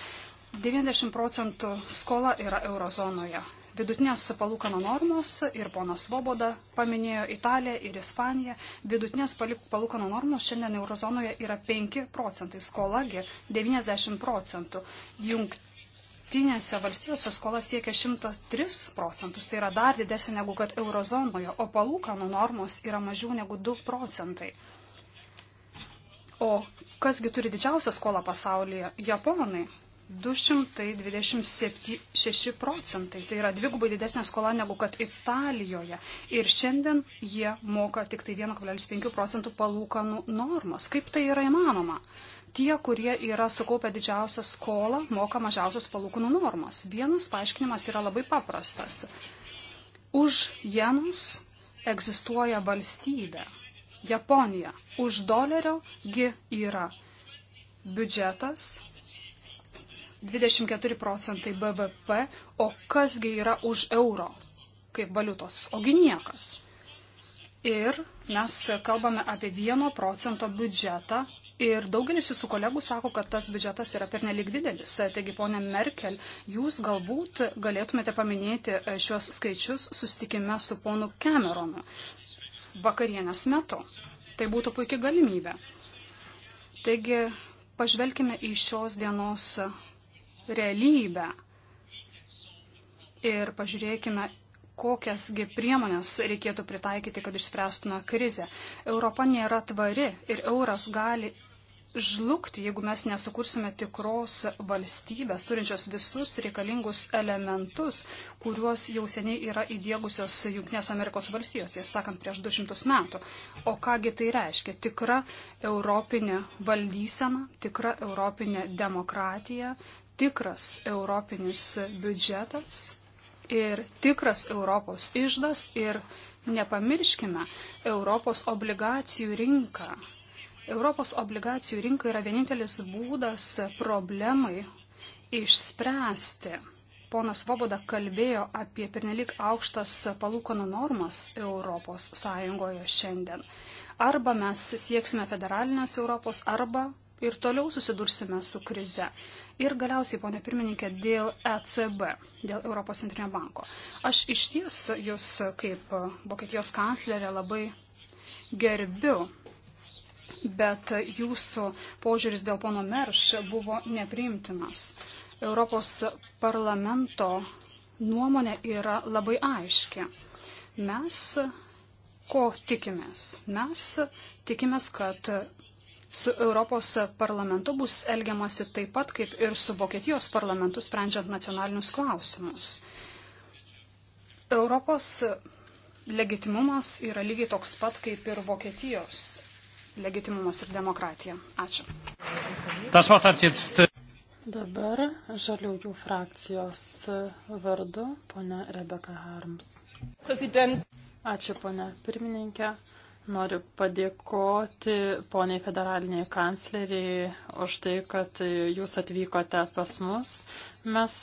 90 procentų skola yra eurozonoje. Vidutinės palūkanų normos ir ponas Svoboda paminėjo Italiją ir Ispaniją. Vidutinės palūkanų normos šiandien eurozonoje yra 5 procentai, skolagi 90 procentų. Jungtinėse valstijose skola siekia 103 procentus, tai yra dar didesnė negu kad eurozonoje, o palūkanų normos yra mažiau negu 2 procentai. O kasgi turi didžiausią skolą pasaulyje? Japonai. 226 procentai. Tai yra dvigubai didesnė skola negu kad Italijoje. Ir šiandien jie moka tik tai 1,5 procentų palūkanų normas. Kaip tai yra įmanoma? Tie, kurie yra sukaupę didžiausią skolą, moka mažiausias palūkanų normas. Vienas paaiškinimas yra labai paprastas. Už jenus egzistuoja valstybė. Japonija. Už dolerio gi yra biudžetas, 24 procentai BVP, o kasgi yra už euro kaip valiutos? Ogi niekas. Ir mes kalbame apie 1 procento biudžetą. Ir daugelis jūsų kolegų sako, kad tas biudžetas yra pernelik didelis. Taigi, ponė Merkel, jūs galbūt galėtumėte paminėti šios skaičius sustikime su ponu Cameronu vakarienės metu. Tai būtų puikia galimybė. Taigi, pažvelkime į šios dienos realybę. Ir pažiūrėkime, kokiasgi priemonės reikėtų pritaikyti, kad išspręstume krizę. Europa nėra tvari ir euras gali žlugti, jeigu mes nesukursime tikros valstybės, turinčios visus reikalingus elementus, kuriuos jau seniai yra įdėgusios Junktinės Amerikos valstijos, jie sakant, prieš 200 metų. O kągi tai reiškia? Tikra europinė valdysena, tikra europinė demokratija, tikras europinis biudžetas ir tikras Europos išdas ir nepamirškime Europos obligacijų rinką. Europos obligacijų rinka yra vienintelis būdas problemai išspręsti. Ponas Voboda kalbėjo apie pernelik aukštas palūkanų normas ES šiandien. Arba mes sieksime federalinės Europos, arba ir toliau susidursime su krize. Ir galiausiai, ponė pirmininkė, dėl ECB, dėl Europos centrinio banko. Aš iš ties jūs kaip e, Vokietijos kanclerė labai gerbiu, bet jūsų požiūris dėl pono Merš buvo nepriimtinas. Europos parlamento nuomonė yra labai aiški. Mes ko tikimės? Mes tikimės, kad su Europos parlamentu bus elgiamasi taip pat kaip ir su Vokietijos parlamentu sprendžiant nacionalinius klausimus. Europos legitimumas yra lygiai toks pat kaip ir Vokietijos legitimumas ir demokratija. Ačiū. Äh, Dabar žaliųjų frakcijos vardu ponia Rebeka Harms. President. Ačiū ponia pirmininkė. Noriu padėkoti poniai federaliniai kancleriai už tai, kad jūs atvykote pas mus. Mes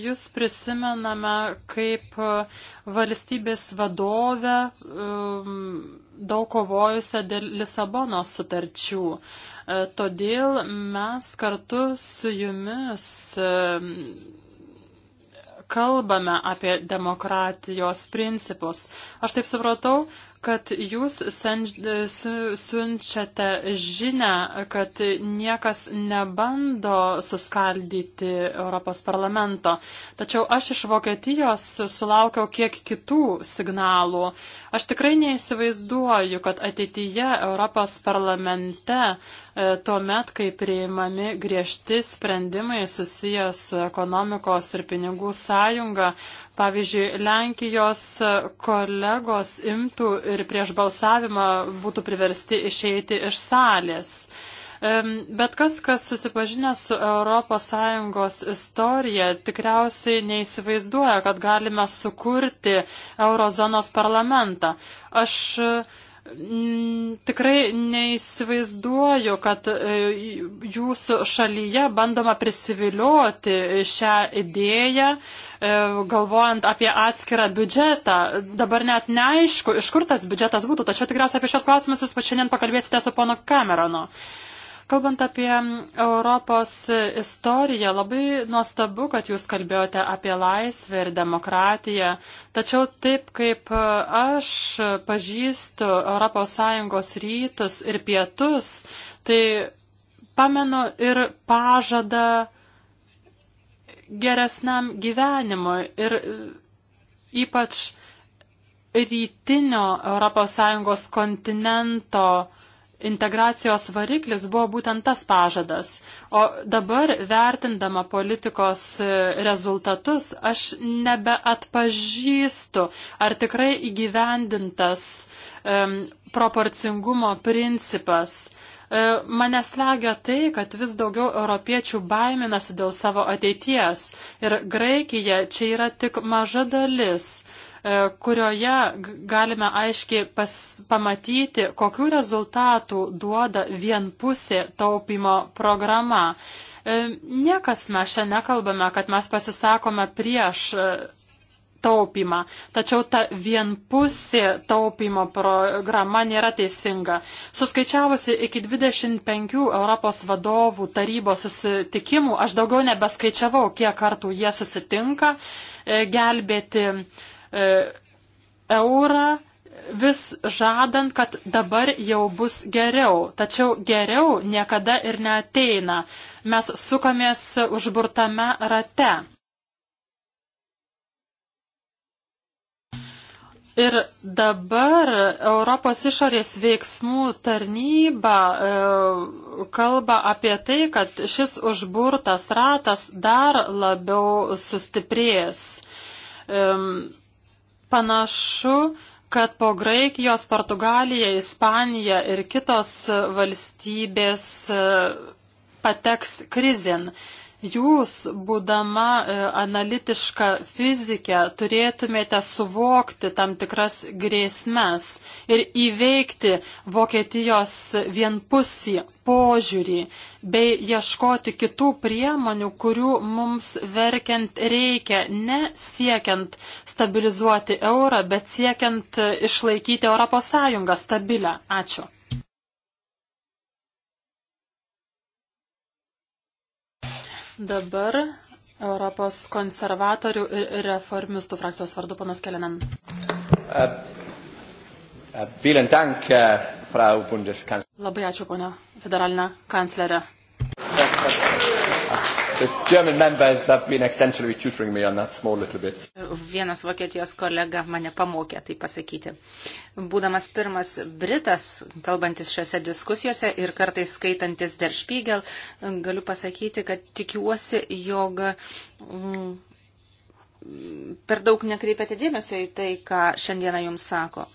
jūs prisimename kaip valstybės vadovę um, daug kovojusią dėl Lisabono sutarčių. E, todėl mes kartu su jumis um, kalbame apie demokratijos principus. Aš taip supratau, kad jūs siunčiate žinę, kad niekas nebando suskaldyti Europos parlamento. Tačiau aš iš Vokietijos sulaukiau kiek kitų signalų. Aš tikrai neįsivaizduoju, kad ateityje Europos parlamente E, tuomet, kai priimami griežti sprendimai susijęs su ekonomikos ir pinigų sąjunga. Pavyzdžiui, Lenkijos kolegos imtų ir prieš balsavimą būtų priversti išeiti iš salės. Bet kas, kas susipažinę su ES istorija, tikriausiai neįsivaizduoja, kad galime sukurti Eurozonos parlamentą. Aš uh, tikrai neįsivaizduoju, kad e, jūsų šalyje bandoma prisivilioti šią idėją, e, galvojant apie atskirą biudžetą. Dabar net neaišku, iš kur tas biudžetas būtų, tačiau tikriausiai apie šios klausimus jūs pačiandien pakalbėsite su pono Cameronu. No. Kalbant apie Europos istoriją, labai nuostabu, kad jūs kalbėjote apie laisvę ir demokratiją, tačiau taip kaip aš pažįstu ES rytus ir pietus, tai pamenu ir pažadą geresniam gyvenimui ir ypač rytinio ES kontinento integracijos variklis buvo būtent tas pažadas. O dabar, vertindama politikos e, rezultatus, aš nebeatpažįstu, ar tikrai įgyvendintas um, proporcingumo principas. E, mane slegia tai, kad vis daugiau europiečių baiminasi dėl savo ateities ir Graikija čia yra tik maža dalis. Uh, E, kurioje galime aiškiai pas, pamatyti, kokiu rezultatu duoda vienpusė taupimo programa. E, niekas mes čia nekalbame, kad mes pasisakome prieš e, taupimą. Tačiau ta vienpusė taupimo programa nėra teisinga. Suskaičiavusi iki 25 Europos vadovų tarybos susitikimų, aš daugiau nebeskaičiavau, kiek kartų jie susitinka gelbėti E, eurą vis žadant, kad dabar jau bus geriau. Tačiau geriau niekada ir neteina. Mes sukamės užburtame rate. Ir dabar Europos išorės veiksmų tarnyba e, kalba apie tai, kad šis užburtas ratas dar labiau sustiprės. E, Panašu, kad po Graikijos, Portugalija, Ispanija ir kitos valstybės e, pateks krizin. Jūs, būdama e, analitiška fizikė, turėtumėte suvokti tam tikras grėsmes ir įveikti Vokietijos vienpusį požiūrį bei ieškoti kitų priemonių, kurių mums verkiant reikia, ne siekiant stabilizuoti eurą, bet siekiant išlaikyti ES stabilę. Ačiū. Dabar Europos konservatorių ir reformistų frakcijos vardu panas Kelenan. Uh, uh, uh, Labai ačiū, ponia federalinė kanclerė the German members have been extensively tutoring me on that small little bit. Vienas Vokietijos kolega mane pamokė tai pasakyti. Būdamas pirmas Britas, kalbantis šiose diskusijose ir kartais skaitantis Der Spiegel, galiu pasakyti, kad tikiuosi, jog mm, per daug nekreipiate dėmesio į tai, ką šiandieną jums sako.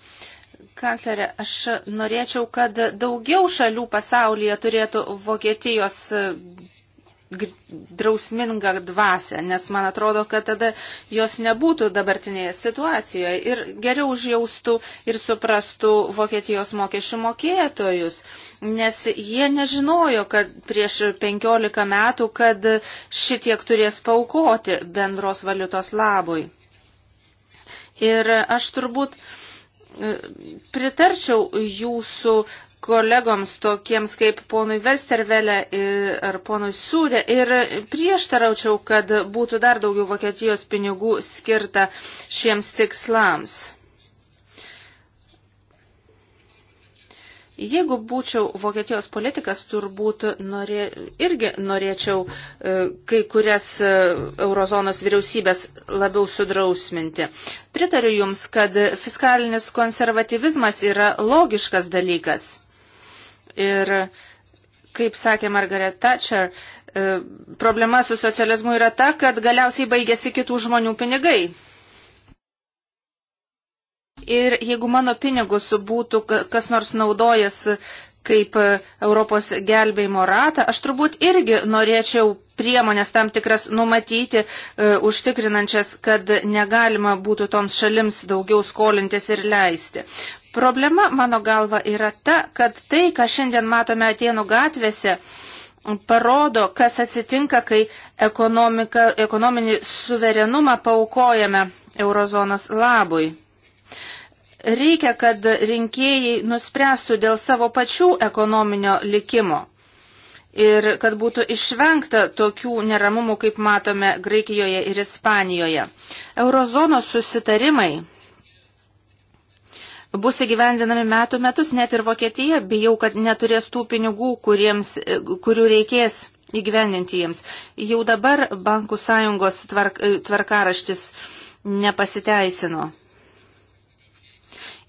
Kanclerė, aš norėčiau, kad daugiau šalių pasaulyje turėtų Vokietijos drausmingą dvasę, nes man atrodo, kad tada jos nebūtų dabartinėje situacijoje ir geriau užjaustų ir suprastų Vokietijos mokesčių mokėtojus, nes jie nežinojo, kad prieš 15 metų, kad šitiek turės paukoti bendros valiutos labui. Ir aš turbūt e, pritarčiau jūsų kolegoms tokiems kaip ponui Westervelė ar ponui Sūrė ir prieštaraučiau, kad būtų dar daugiau Vokietijos pinigų skirta šiems tikslams. Jeigu būčiau Vokietijos politikas, turbūt norė, irgi norėčiau e, kai kurias e, eurozonos vyriausybės labiau sudrausminti. Pritariu Jums, kad fiskalinis konservatyvizmas yra logiškas dalykas. Ir, kaip sakė Margaret Thatcher, e, problema su socializmu yra ta, kad galiausiai baigėsi kitų žmonių pinigai. Ir jeigu mano pinigus būtų kas nors naudojas kaip Europos gelbėjimo ratą, aš turbūt irgi norėčiau priemonės tam tikras numatyti, e, užtikrinančias, kad negalima būtų toms šalims daugiau skolintis ir leisti. Problema, mano galva, yra ta, kad tai, ką šiandien matome Atenų gatvėse, parodo, kas atsitinka, kai ekonominį suverenumą paukojame eurozonos labui. Reikia, kad rinkėjai nuspręstų dėl savo pačių ekonominio likimo ir kad būtų išvengta tokių neramumų, kaip matome Graikijoje ir Ispanijoje. Eurozonos susitarimai bus įgyvendinami metų metus, net ir Vokietija, bijau, kad neturės tų pinigų, kuriems, kurių reikės įgyvendinti jiems. Jau dabar bankų sąjungos tvark, tvarkaraštis nepasiteisino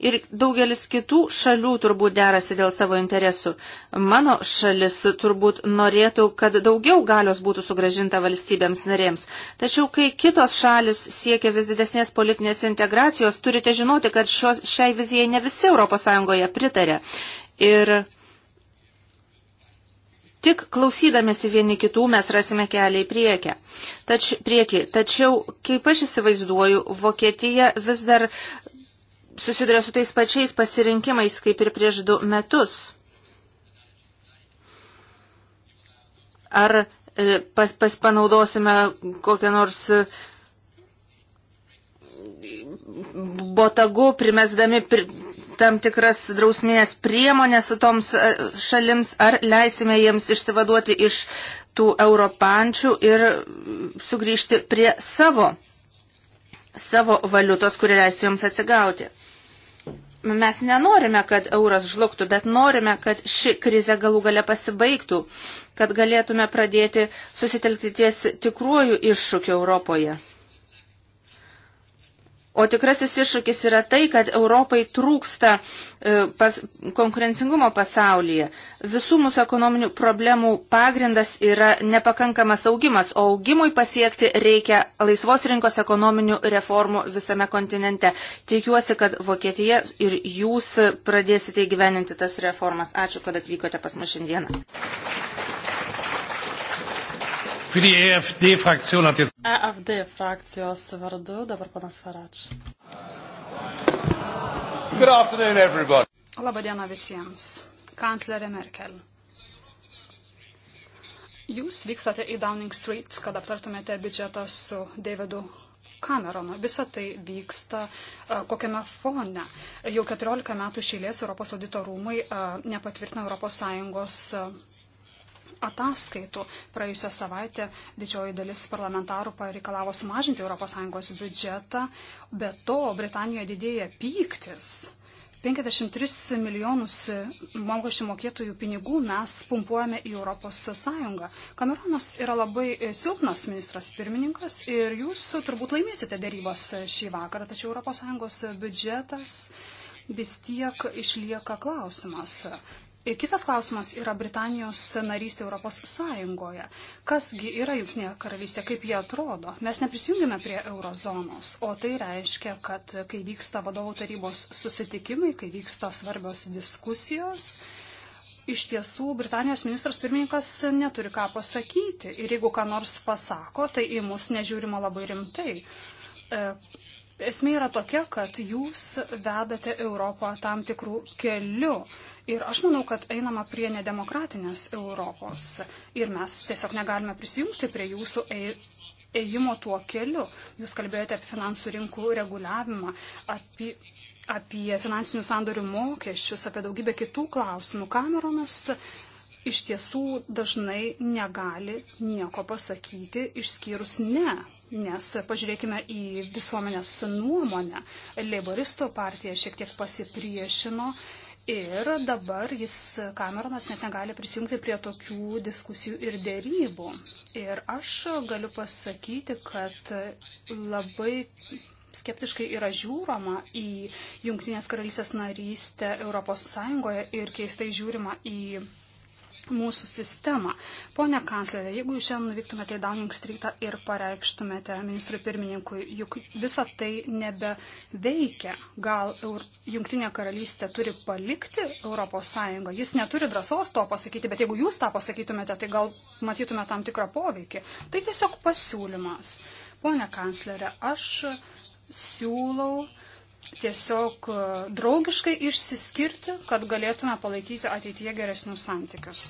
ir daugelis kitų šalių turbūt derasi dėl savo interesų. Mano šalis turbūt norėtų, kad daugiau galios būtų sugražinta valstybėms narėms. Tačiau, kai kitos šalis siekia vis didesnės politinės integracijos, turite žinoti, kad šios, šiai vizijai ne visi ES pritarė. Ir Tik klausydamėsi vieni kitų mes rasime kelią į priekį. Tač, priekį. Tačiau, kaip aš įsivaizduoju, Vokietija vis dar susiduria su tais pačiais pasirinkimais kaip ir prieš du metus. Ar e, pas, pas panaudosime kokią nors e, botagų, primesdami pri, tam tikras drausminės priemonės su toms e, šalims, ar leisime jiems išsivaduoti iš tų europančių ir sugrįžti prie savo, savo valiutos, kuri leistų joms atsigauti mes nenorime, kad euras žlugtų, bet norime, kad ši krize galų gale pasibaigtų, kad galėtume pradėti susitelkti ties tikruoju iššūkiu Europoje. O tikrasis iššūkis yra tai, kad Europai trūksta e, pas, konkurencingumo pasaulyje. Visų mūsų ekonominių problemų pagrindas yra nepakankamas augimas, o augimui pasiekti reikia laisvos rinkos ekonominių reformų visame kontinente. Tikiuosi, kad Vokietija ir jūs pradėsite įgyveninti tas reformas. Ačiū, kad atvykote pas mus šiandieną. E AFD e frakcijos vardu dabar panas Farač. Labadiena visiems. Kanclerė Merkel. Jūs vykstate į Downing Street, kad aptartumėte biudžetą su Davidu Cameronu. Visa tai vyksta e, kokiame fone. Jau 14 metų šilės Europos audito rūmai nepatvirtina ES ataskaitų. Praėjusią savaitę didžioji dalis parlamentarų pareikalavo sumažinti ES biudžetą, bet to Britanijoje didėja pyktis. 53 milijonus mokesčių mokėtojų pinigų mes pumpuojame į ES. Kameronas yra labai silpnas ministras pirmininkas ir jūs turbūt laimėsite dėrybas šį vakarą, tačiau ES biudžetas vis tiek išlieka klausimas. Kitas klausimas yra Britanijos narystė Europos Sąjungoje. Kasgi yra Junktinė karalystė, kaip jie atrodo? Mes neprisijungėme prie eurozonos, o tai reiškia, kad kai vyksta vadovų tarybos susitikimai, kai vyksta svarbios diskusijos, iš tiesų Britanijos ministras pirmininkas neturi ką pasakyti. Ir jeigu ką nors pasako, tai į mus nežiūrima labai rimtai. E, esmė yra tokia, kad jūs vedate Europą tam tikrų kelių. Ir aš manau, kad einama prie nedemokratinės Europos. Ir mes tiesiog negalime prisijungti prie jūsų e, ėjimo tuo keliu. Jūs kalbėjote apie finansų rinkų reguliavimą, apie, apie finansinių sandorių mokesčius, apie daugybę kitų klausimų. Kameronas iš tiesų dažnai negali nieko pasakyti, išskyrus ne. Nes pažiūrėkime į visuomenės nuomonę. Leiboristų partija šiek tiek pasipriešino Ir dabar jis, Kameronas, net negali prisijungti prie tokių diskusijų ir dėrybų. Ir aš galiu pasakyti, kad labai skeptiškai yra žiūroma į Junktinės karalystės narystę ES ir keistai žiūrima į mūsų sistemą. Pone kanclerė, jeigu jūs šiandien nuvyktumėte į Downing Streetą ir pareikštumėte ministrui pirmininkui, juk visa tai nebeveikia, gal Junktinė karalystė turi palikti ES, jis neturi drąsos to pasakyti, bet jeigu jūs tą pasakytumėte, tai gal matytume tam tikrą poveikį. Tai tiesiog pasiūlymas. Pone kanclerė, aš siūlau tiesiog e, draugiškai išsiskirti, kad galėtume palaikyti ateityje geresnius santykius.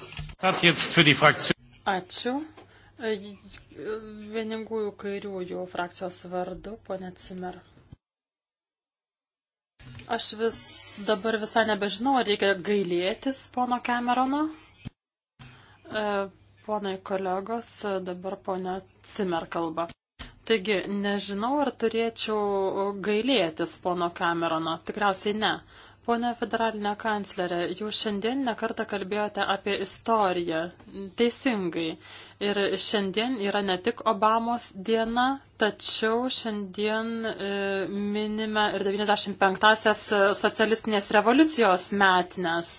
Ačiū. E, vieningųjų kairiųjų frakcijos vardu, ponė Cimer. Aš vis dabar visai nebežinau, ar reikia gailėtis pono Camerono. E, ponai kolegos, dabar ponė Cimer kalba. Taigi, nežinau, ar turėčiau gailėtis pono Camerono. Tikriausiai ne. Pone federalinė kanclerė, jūs šiandien nekartą kalbėjote apie istoriją. Teisingai. Ir šiandien yra ne tik Obamos diena, tačiau šiandien e, minime ir 95-asias e, socialistinės revoliucijos metines.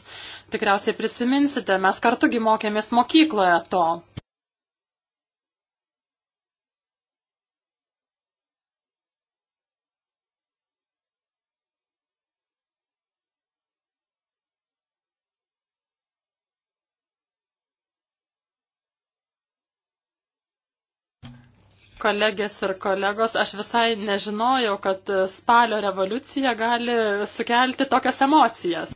Tikriausiai prisiminsite, mes kartugi mokėmės mokykloje to. kolegės ir kolegos, aš visai nežinojau, kad spalio revoliucija gali sukelti tokias emocijas.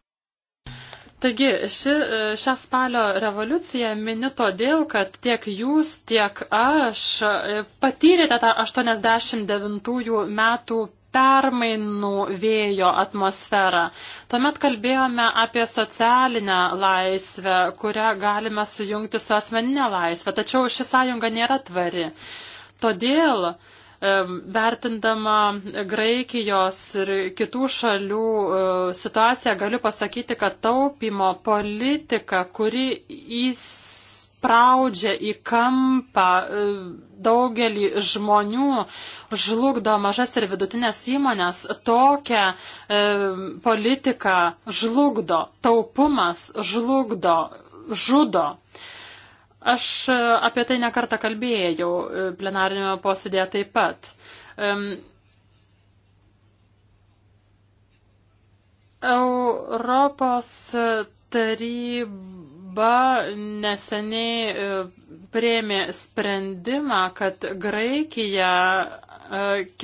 Taigi, ši, šią spalio revoliuciją miniu todėl, kad tiek jūs, tiek aš patyrėte tą 89 metų permainų vėjo atmosferą. Tuomet kalbėjome apie socialinę laisvę, kurią galime sujungti su asmeninė laisvė, tačiau ši sąjunga nėra tvari. Todėl vertindama Graikijos ir kitų šalių e, situaciją, galiu pasakyti, kad taupimo politika, kuri įspraudžia į kampą e, daugelį žmonių, žlugdo mažas ir vidutinės įmonės, tokią e, politiką žlugdo, taupumas žlugdo, žudo. Aš e, apie tai nekartą kalbėjau e, plenarinėme posėdėje taip pat. Europos taryba neseniai e, prieimė sprendimą, kad Graikija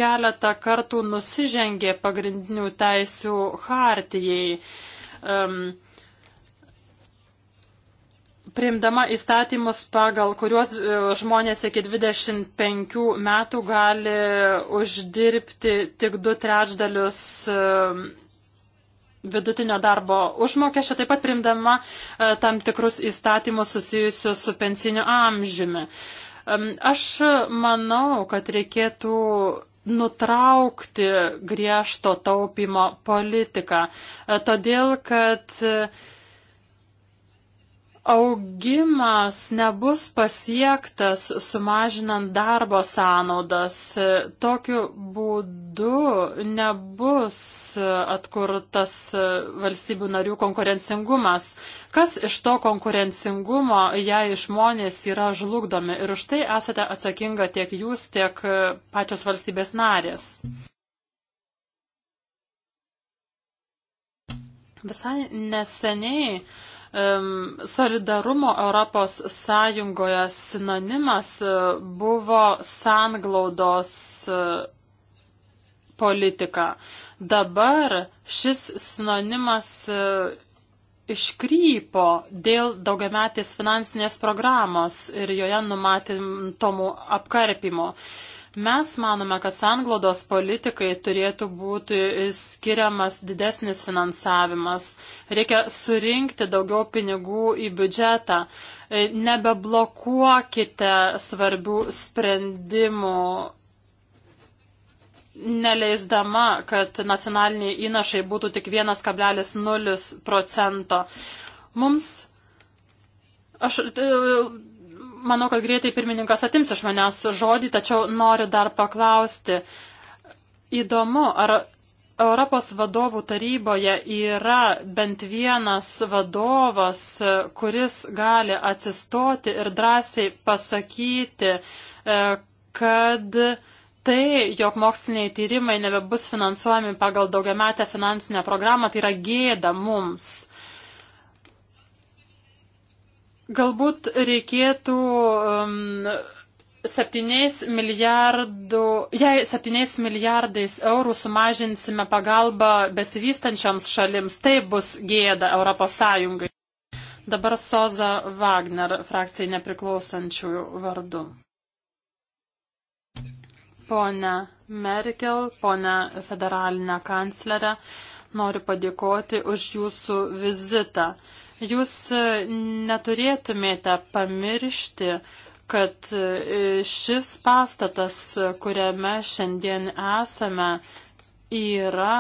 keletą kartų nusižengė pagrindinių teisių hartijai. Um, priimdama įstatymus, pagal kuriuos e, žmonės iki 25 metų gali uždirbti tik du trečdalius e, vidutinio darbo užmokesčio, taip pat primdama e, tam tikrus įstatymus susijusius su pensiniu amžiumi. Aš manau, kad reikėtų nutraukti griežto taupimo politiką, todėl kad Augimas nebus pasiektas sumažinant darbo sąnaudas. Tokiu būdu nebus atkurtas valstybių narių konkurencingumas. Kas iš to konkurencingumo, jei žmonės yra žlugdomi? Ir už tai esate atsakinga tiek jūs, tiek pačios valstybės narės. Visai neseniai solidarumo Europos Sąjungoje sinonimas e, buvo sanglaudos e, politika. Dabar šis sinonimas e, iškrypo dėl daugiametės finansinės programos ir joje numatytomų apkarpimų. Mes manome, kad sanglodos politikai turėtų būti skiriamas didesnis finansavimas. Reikia surinkti daugiau pinigų į biudžetą. E, nebeblokuokite svarbių sprendimų neleisdama, kad nacionaliniai įnašai būtų tik 1,0 procento. Mums aš e, manau, kad greitai pirmininkas atims iš manęs žodį, tačiau noriu dar paklausti. Įdomu, ar Europos vadovų taryboje yra bent vienas vadovas, kuris gali atsistoti ir drąsiai pasakyti, e, kad tai, jog moksliniai tyrimai nebebus finansuojami pagal daugiametę finansinę programą, tai yra gėda mums. Galbūt reikėtų um, 7 milijardų, jei 7 milijardais eurų sumažinsime pagalbą besivystančiams šalims, tai bus gėda Europos Sąjungai. Dabar Soza Wagner frakcijai nepriklausančiųjų vardu. Pone Merkel, pone federalinė kanclerė, noriu padėkoti už jūsų vizitą. Uh, Jūs e, neturėtumėte pamiršti, kad e, šis pastatas, kuriame šiandien esame, yra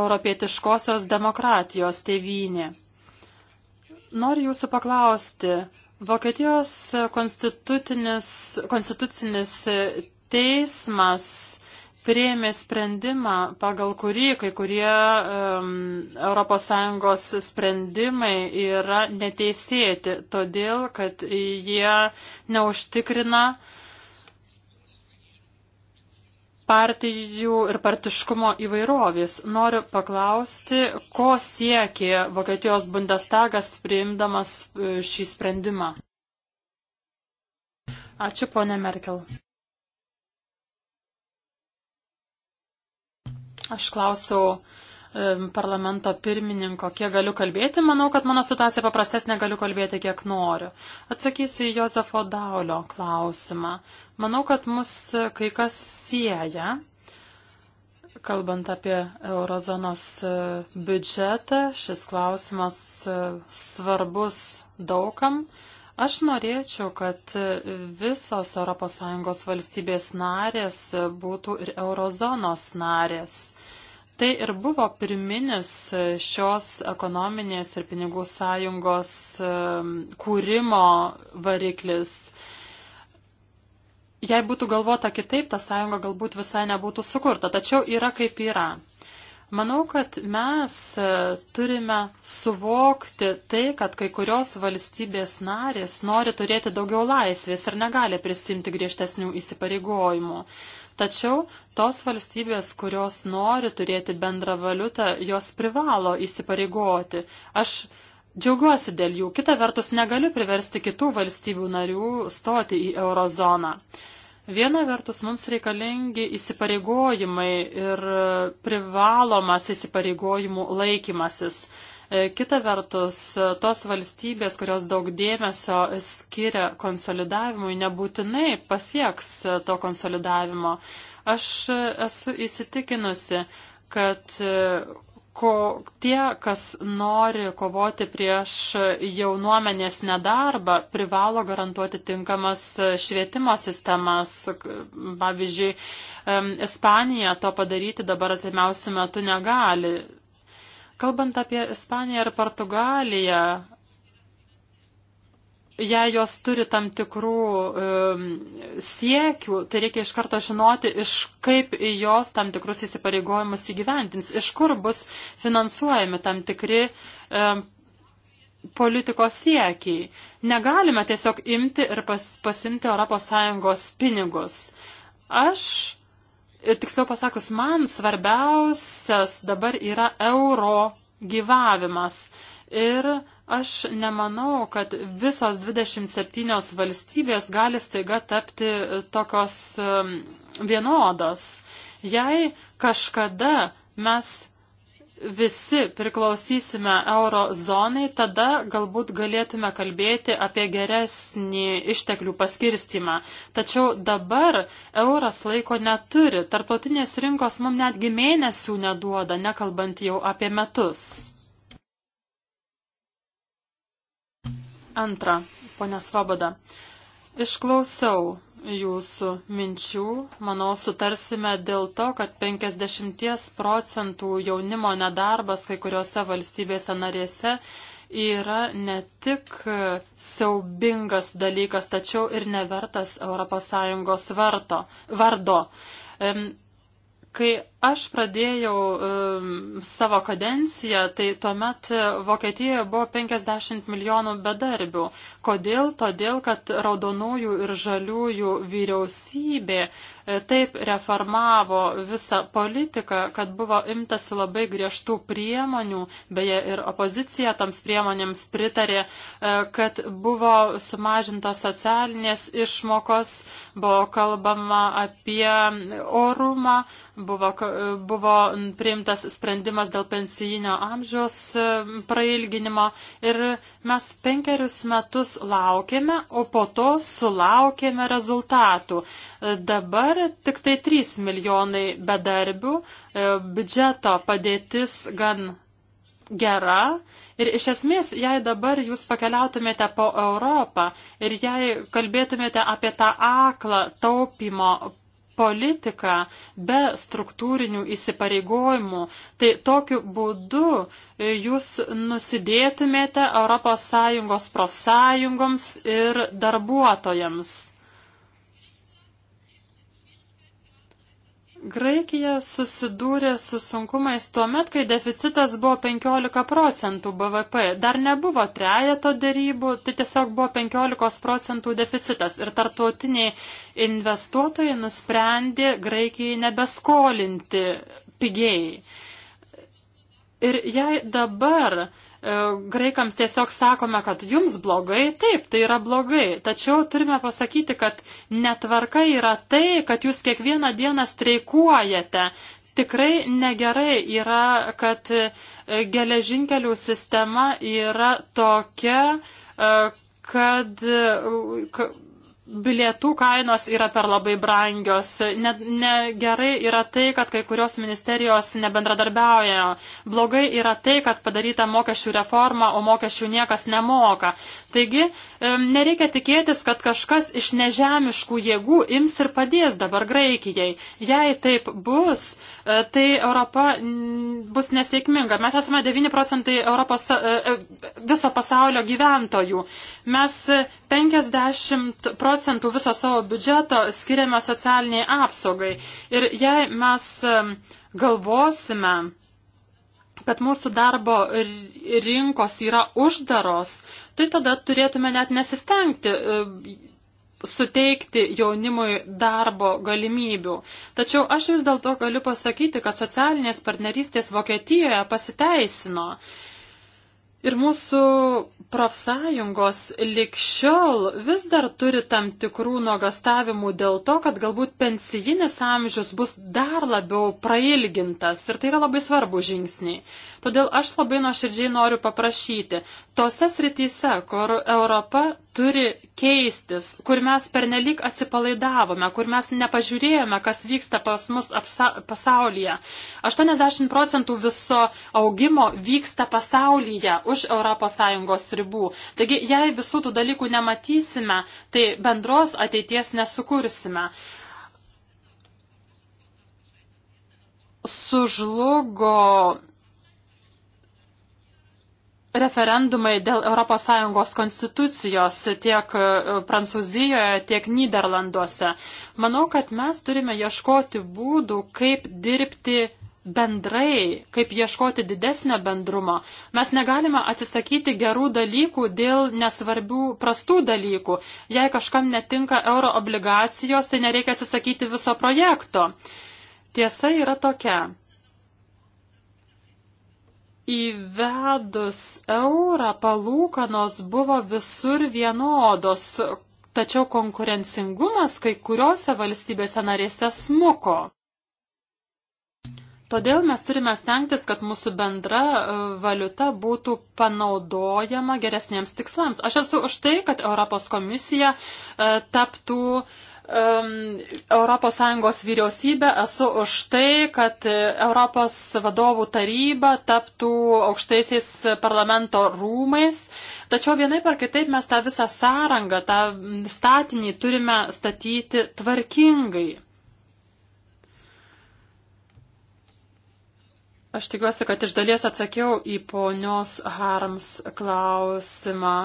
europietiškosios demokratijos tėvynė. Noriu jūsų paklausti, Vokietijos konstitucinis, konstitucinis teismas prieimė sprendimą, pagal kurį kai kurie um, ES sprendimai yra neteisėti, todėl kad jie neužtikrina partijų ir partiškumo įvairovės. Noriu paklausti, ko siekė Vokietijos Bundestagas priimdamas e, šį sprendimą. Ačiū, ponė Merkel. Aš klausiau parlamento pirmininko, kiek galiu kalbėti, manau, kad mano situacija paprastesnė, galiu kalbėti, kiek noriu. Atsakysiu į Jozefo Daulio klausimą. Manau, kad mus kai kas sieja, kalbant apie eurozonos e, biudžetą, šis klausimas e, svarbus daugam. Aš norėčiau, kad visos ES valstybės narės būtų ir eurozonos narės. Tai ir buvo pirminis šios ekonominės ir pinigų sąjungos kūrimo variklis. Jei būtų galvota kitaip, ta sąjunga galbūt visai nebūtų sukurta, tačiau yra kaip yra. Manau, kad mes e, turime suvokti tai, kad kai kurios valstybės narės nori turėti daugiau laisvės ir negali prisimti griežtesnių įsipareigojimų. Tačiau tos valstybės, kurios nori turėti bendrą valiutą, jos privalo įsipareigoti. Aš Džiaugiuosi dėl jų. Kita vertus, negaliu priversti kitų valstybių narių stoti į eurozoną. Viena vertus mums reikalingi įsipareigojimai ir privalomas įsipareigojimų laikymasis. E, kita vertus, tos valstybės, kurios daug dėmesio skiria konsolidavimui, nebūtinai pasieks to konsolidavimo. Aš esu įsitikinusi, kad ko, tie, kas nori kovoti prieš jaunuomenės nedarbą, privalo garantuoti tinkamas švietimo sistemas. Pavyzdžiui, Ispanija to padaryti dabar atimiausių metų negali. Kalbant apie Ispaniją ir Portugaliją, jei jos turi tam tikrų um, siekių, tai reikia iš karto žinoti, iš kaip jos tam tikrus įsipareigojimus įgyvendins, iš kur bus finansuojami tam tikri um, politikos siekiai. Negalime tiesiog imti ir pas, pasimti ES pinigus. Aš, tiksliau pasakus, man svarbiausias dabar yra euro gyvavimas. Ir uh, Aš nemanau, kad visos 27 valstybės gali staiga tapti e, tokios vienodos. Jei kažkada mes visi priklausysime euro zonai, tada galbūt galėtume kalbėti apie geresnį išteklių paskirstimą. Tačiau dabar euras laiko neturi, tarptautinės rinkos mums netgi mėnesių neduoda, nekalbant jau apie metus. Antra, ponė Svoboda, išklausiau jūsų minčių. Manau, sutarsime dėl to, kad 50 procentų jaunimo nedarbas kai kuriuose valstybėse narėse yra ne tik siaubingas dalykas, tačiau ir nevertas ES varto, vardo. Kai aš pradėjau um, savo kadenciją, tai tuomet Vokietijoje buvo 50 milijonų bedarbių. Kodėl? Todėl, kad raudonųjų ir žaliųjų vyriausybė e, taip reformavo visą politiką, kad buvo imtasi labai griežtų priemonių, beje ir opozicija toms priemonėms pritarė, e, kad buvo sumažintos socialinės išmokos, buvo kalbama apie orumą, buvo kalbama E, buvo priimtas sprendimas dėl pensijinio amžiaus e, prailginimo ir mes penkerius metus laukėme, o po to sulaukėme rezultatų. E, dabar tik tai 3 milijonai bedarbių, biudžeto padėtis gan gera ir iš esmės, jei dabar jūs pakeliautumėte po Europą ir jei kalbėtumėte apie tą aklą taupimo politiką be struktūrinių įsipareigojimų, tai tokiu būdu e, jūs nusidėtumėte ES profsąjungoms ir darbuotojams. Graikija susidūrė su sunkumais tuo met, kai deficitas buvo 15 procentų BVP. Dar nebuvo trejato dėrybų, tai tiesiog buvo 15 procentų deficitas. Ir tartuotiniai investuotojai nusprendė Graikijai nebeskolinti pigiai. Ir jei dabar uh, E, graikams tiesiog sakome, kad jums blogai, taip, tai yra blogai, tačiau turime pasakyti, kad netvarka yra tai, kad jūs kiekvieną dieną streikuojate. Tikrai negerai yra, kad e, geležinkelių sistema yra tokia, e, kad bilietų kainos yra per labai brangios. Negerai ne, ne yra tai, kad kai kurios ministerijos nebendradarbiauja. Blogai yra tai, kad padaryta mokesčių reforma, o mokesčių niekas nemoka. Taigi nereikia tikėtis, kad kažkas iš nežemiškų jėgų ims ir padės dabar Graikijai. Jei taip bus, e, tai Europa bus nesėkminga. Mes esame 9 procentai Europos, e, e, viso pasaulio gyventojų. Mes 50 procentų viso savo biudžeto skiriame socialiniai apsaugai. Ir jei mes galvosime, kad mūsų darbo rinkos yra uždaros, tai tada turėtume net nesistengti e, suteikti jaunimui darbo galimybių. Tačiau aš vis dėlto galiu pasakyti, kad socialinės partnerystės Vokietijoje pasiteisino. Ir mūsų profsąjungos likščiol vis dar turi tam tikrų nuogastavimų dėl to, kad galbūt pensijinis amžius bus dar labiau prailgintas ir tai yra labai svarbu žingsniai. Todėl aš labai nuoširdžiai noriu paprašyti, tose srityse, kur Europa turi keistis, kur mes pernelyg atsipalaidavome, kur mes nepažiūrėjome, kas vyksta pas mus apsa, pasaulyje. 80 procentų viso augimo vyksta pasaulyje už ES ribų. Taigi, jei visų tų dalykų nematysime, tai bendros ateities nesukursime. Sužlugo referendumai dėl ES konstitucijos tiek e, Prancūzijoje, tiek Niderlanduose. Manau, kad mes turime ieškoti būdų, kaip dirbti bendrai, kaip ieškoti didesnio bendrumo. Mes negalime atsisakyti gerų dalykų dėl nesvarbių prastų dalykų. Jei kažkam netinka euro obligacijos, tai nereikia atsisakyti viso projekto. Tiesa yra tokia. Įvedus eurą palūkanos buvo visur vienodos, tačiau konkurencingumas kai kuriuose valstybėse narėse smuko. Todėl mes turime stengtis, kad mūsų bendra e, valiuta būtų panaudojama geresniems tikslams. Aš esu už tai, kad Europos komisija e, taptų uh, ES vyriausybę, esu už tai, kad Europos vadovų taryba taptų aukštaisiais parlamento rūmais, tačiau vienai par kitaip mes tą visą sąrangą, tą statinį turime statyti tvarkingai. Aš tikiuosi, kad iš dalies atsakiau į ponios Harms klausimą,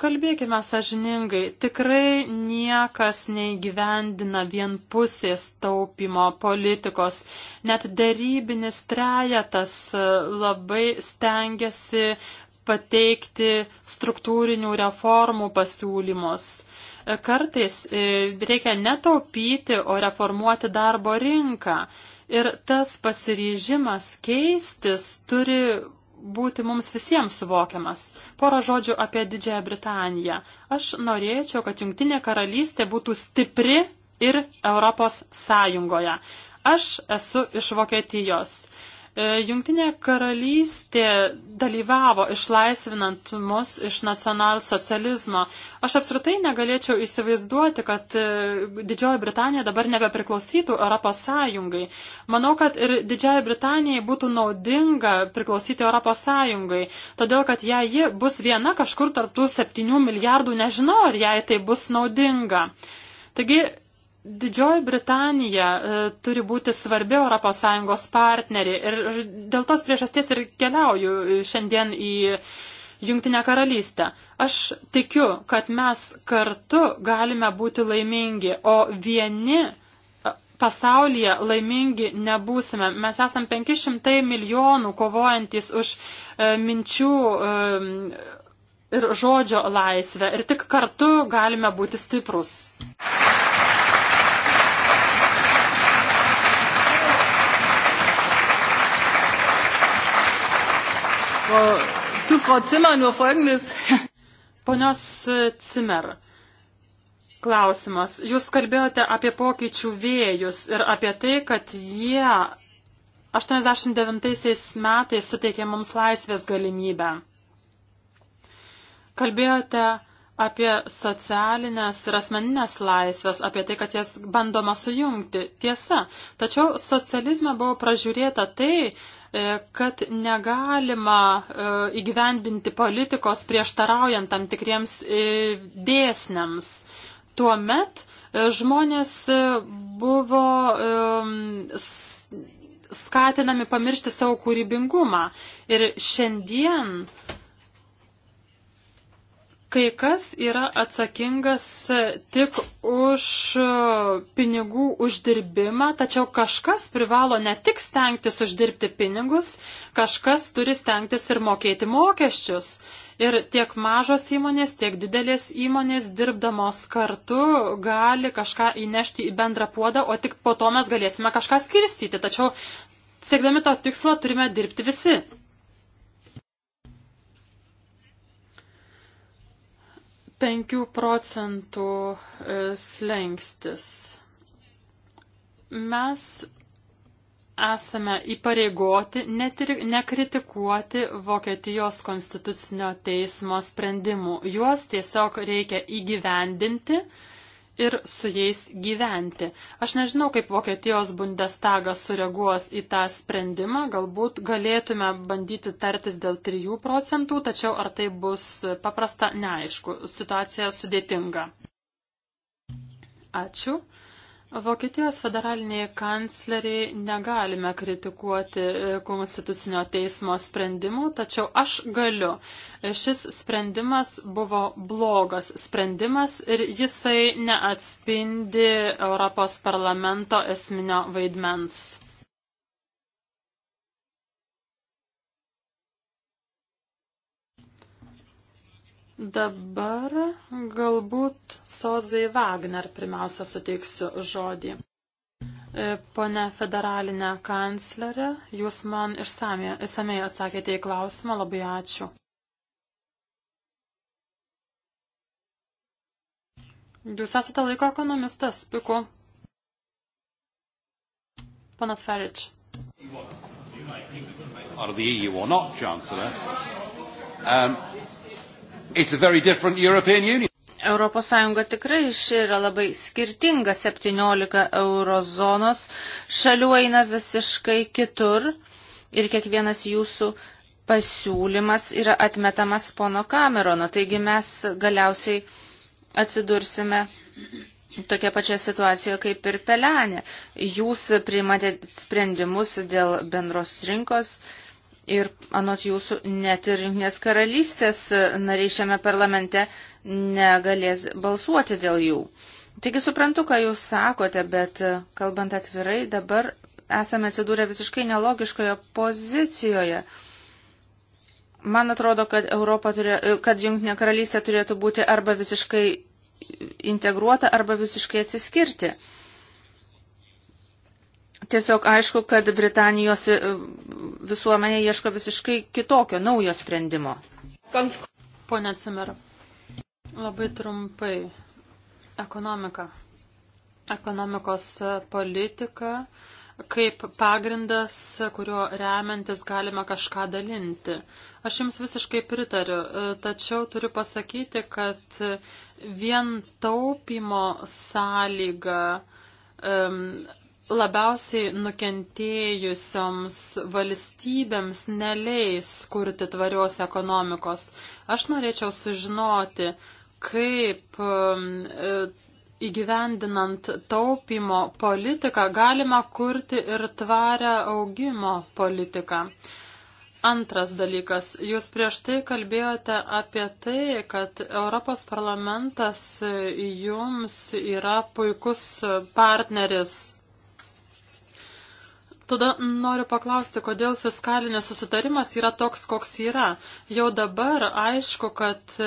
Kalbėkime sažiningai, tikrai niekas neįgyvendina vienpusės taupimo politikos. Net darybinis trejetas e, labai stengiasi pateikti struktūrinių reformų pasiūlymus. E, kartais e, reikia netaupyti, o reformuoti darbo rinką. Ir tas pasiryžimas keistis turi būti mums visiems suvokiamas. Porą žodžių apie Didžiąją Britaniją. Aš norėčiau, kad Junktinė karalystė būtų stipri ir Europos Sąjungoje. Aš esu iš Vokietijos. E, Jungtinė karalystė dalyvavo išlaisvinant mus iš nacionalsocializmo. Aš apskritai negalėčiau įsivaizduoti, kad e, Didžioji Britanija dabar nebepriklausytų Europos Sąjungai. Manau, kad ir Didžioji Britanijai būtų naudinga priklausyti Europos Sąjungai, todėl kad jei ji bus viena kažkur tarptų 7 milijardų, nežinau, ar jai tai bus naudinga. Taigi Didžioji Britanija e, turi būti svarbi ES partnerė ir dėl tos priežasties ir keliauju e, šiandien į Jungtinę karalystę. Aš tikiu, kad mes kartu galime būti laimingi, o vieni e, pasaulyje laimingi nebūsime. Mes esam 500 milijonų kovojantis už e, minčių. E, Ir žodžio laisvę. Ir tik kartu galime būti stiprus. zu Frau Zimmer nur folgendes. Ponios e, Zimmer. Klausimas. Jūs kalbėjote apie pokyčių vėjus ir apie tai, kad jie 89 metais suteikė mums laisvės galimybę. Kalbėjote apie socialinės ir asmeninės laisvės, apie tai, kad jas bandoma sujungti. Tiesa, tačiau socializme buvo pražiūrėta tai, e, kad negalima e, įgyvendinti politikos prieštaraujant tam tikriems e, dėsniams. Tuomet žmonės buvo skatinami pamiršti savo kūrybingumą. Ir šiandien uh, kai kas yra atsakingas tik už pinigų uždirbimą, tačiau kažkas privalo ne tik stengtis uždirbti pinigus, kažkas turi stengtis ir mokėti mokesčius. Ir tiek mažos įmonės, tiek didelės įmonės dirbdamos kartu gali kažką įnešti į bendrą puodą, o tik po to mes galėsime kažką skirstyti. Tačiau siekdami to tikslo turime dirbti visi. 5 procentų e, slengstis. Mes esame įpareigoti netir, nekritikuoti Vokietijos konstitucinio teismo sprendimų. Juos tiesiog reikia įgyvendinti ir su jais gyventi. Aš nežinau, kaip Vokietijos Bundestagas sureaguos į tą sprendimą, galbūt galėtume bandyti tartis dėl 3 procentų, tačiau ar tai bus paprasta, neaišku, situacija sudėtinga. Ačiū. Vokietijos federaliniai kancleriai negalime kritikuoti e, konstitucinio teismo sprendimų, tačiau aš galiu. Šis sprendimas buvo blogas sprendimas ir jisai neatspindi Europos parlamento esminio vaidmens. Dabar galbūt Sozai Wagner pirmiausia suteiksiu žodį. E, Pone federalinė kanclerė, jūs man išsamei atsakėte į klausimą, labai ačiū. Jūs esate laiko ekonomistas, puiku. Panas Ferič. Out of the EU or not, Chancellor. Um, Europos Sąjunga tikrai ši yra labai skirtinga, 17 eurozonos šalių eina visiškai kitur ir kiekvienas jūsų pasiūlymas yra atmetamas pono Kamerono, taigi mes galiausiai atsidursime tokia pačia situacija kaip ir pelenė. Jūs priimate sprendimus dėl bendros rinkos, Ir anot jūsų, net ir Junknės karalystės nariai šiame parlamente negalės balsuoti dėl jų. Taigi suprantu, ką jūs sakote, bet e, kalbant atvirai, dabar esame atsidūrę visiškai nelogiškoje pozicijoje. Man atrodo, kad, Europa turė, e, kad Junknė karalystė turėtų būti arba visiškai integruota, arba visiškai atsiskirti. Tiesiog aišku, kad Britanijos e, visuomenė ieško visiškai kitokio, naujo sprendimo. Pone Cimer, labai trumpai. Ekonomika. Ekonomikos politika kaip pagrindas, kuriuo remiantis galima kažką dalinti. Aš jums visiškai pritariu, e, tačiau turiu pasakyti, kad vien taupimo sąlyga um, labiausiai nukentėjusioms valstybėms neleis kurti tvarios ekonomikos. Aš norėčiau sužinoti, kaip um, e, įgyvendinant taupimo politiką galima kurti ir tvarę augimo politiką. Antras dalykas, jūs prieš tai kalbėjote apie tai, kad Europos parlamentas jums yra puikus partneris Tada noriu paklausti, kodėl fiskalinis susitarimas yra toks, koks yra. Jau dabar aišku, kad e,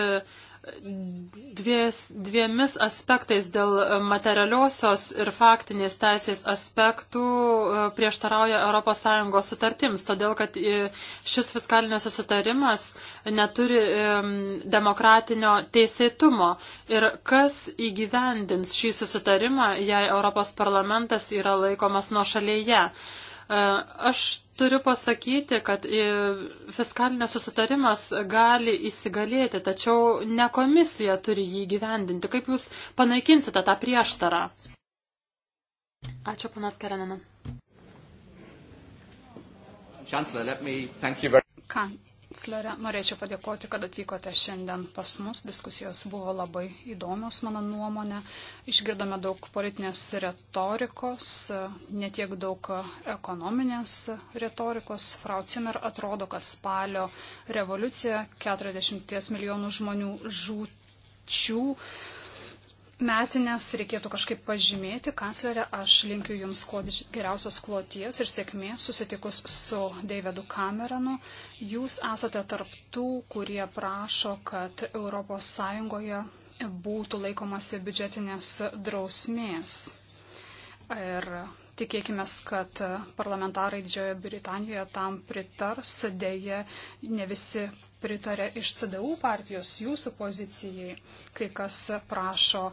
dvies, dviemis aspektais dėl materialiosios ir faktinės teisės aspektų e, prieštarauja ES sutartims, todėl kad e, šis fiskalinio susitarimas neturi demokratinio teisėtumo. Ir kas įgyvendins šį susitarimą, jei ES parlamentas yra laikomas nuo šalyje? Aš turiu pasakyti, kad e, fiskalinės susitarimas gali įsigalėti, tačiau ne komisija turi jį gyvendinti. Kaip jūs panaikinsite tą prieštarą? Ačiū, panas Kerenina. Ką, kanclerė, norėčiau padėkoti, kad atvykote šiandien pas mus. Diskusijos buvo labai įdomios, mano nuomonė. Išgirdome daug politinės retorikos, netiek daug ekonominės retorikos. Frau Zimmer atrodo, kad spalio revoliucija 40 milijonų žmonių žūčių metinės reikėtų kažkaip pažymėti. Kanclerė, aš linkiu Jums kuo geriausios kloties ir sėkmės susitikus su Davidu Cameronu. Jūs esate tarptų, kurie prašo, kad ES būtų laikomasi biudžetinės drausmės. Ir Tikėkime, kad parlamentarai Didžiojo Britanijoje tam pritars, dėje ne visi pritarė iš CDU partijos jūsų pozicijai, kai kas prašo,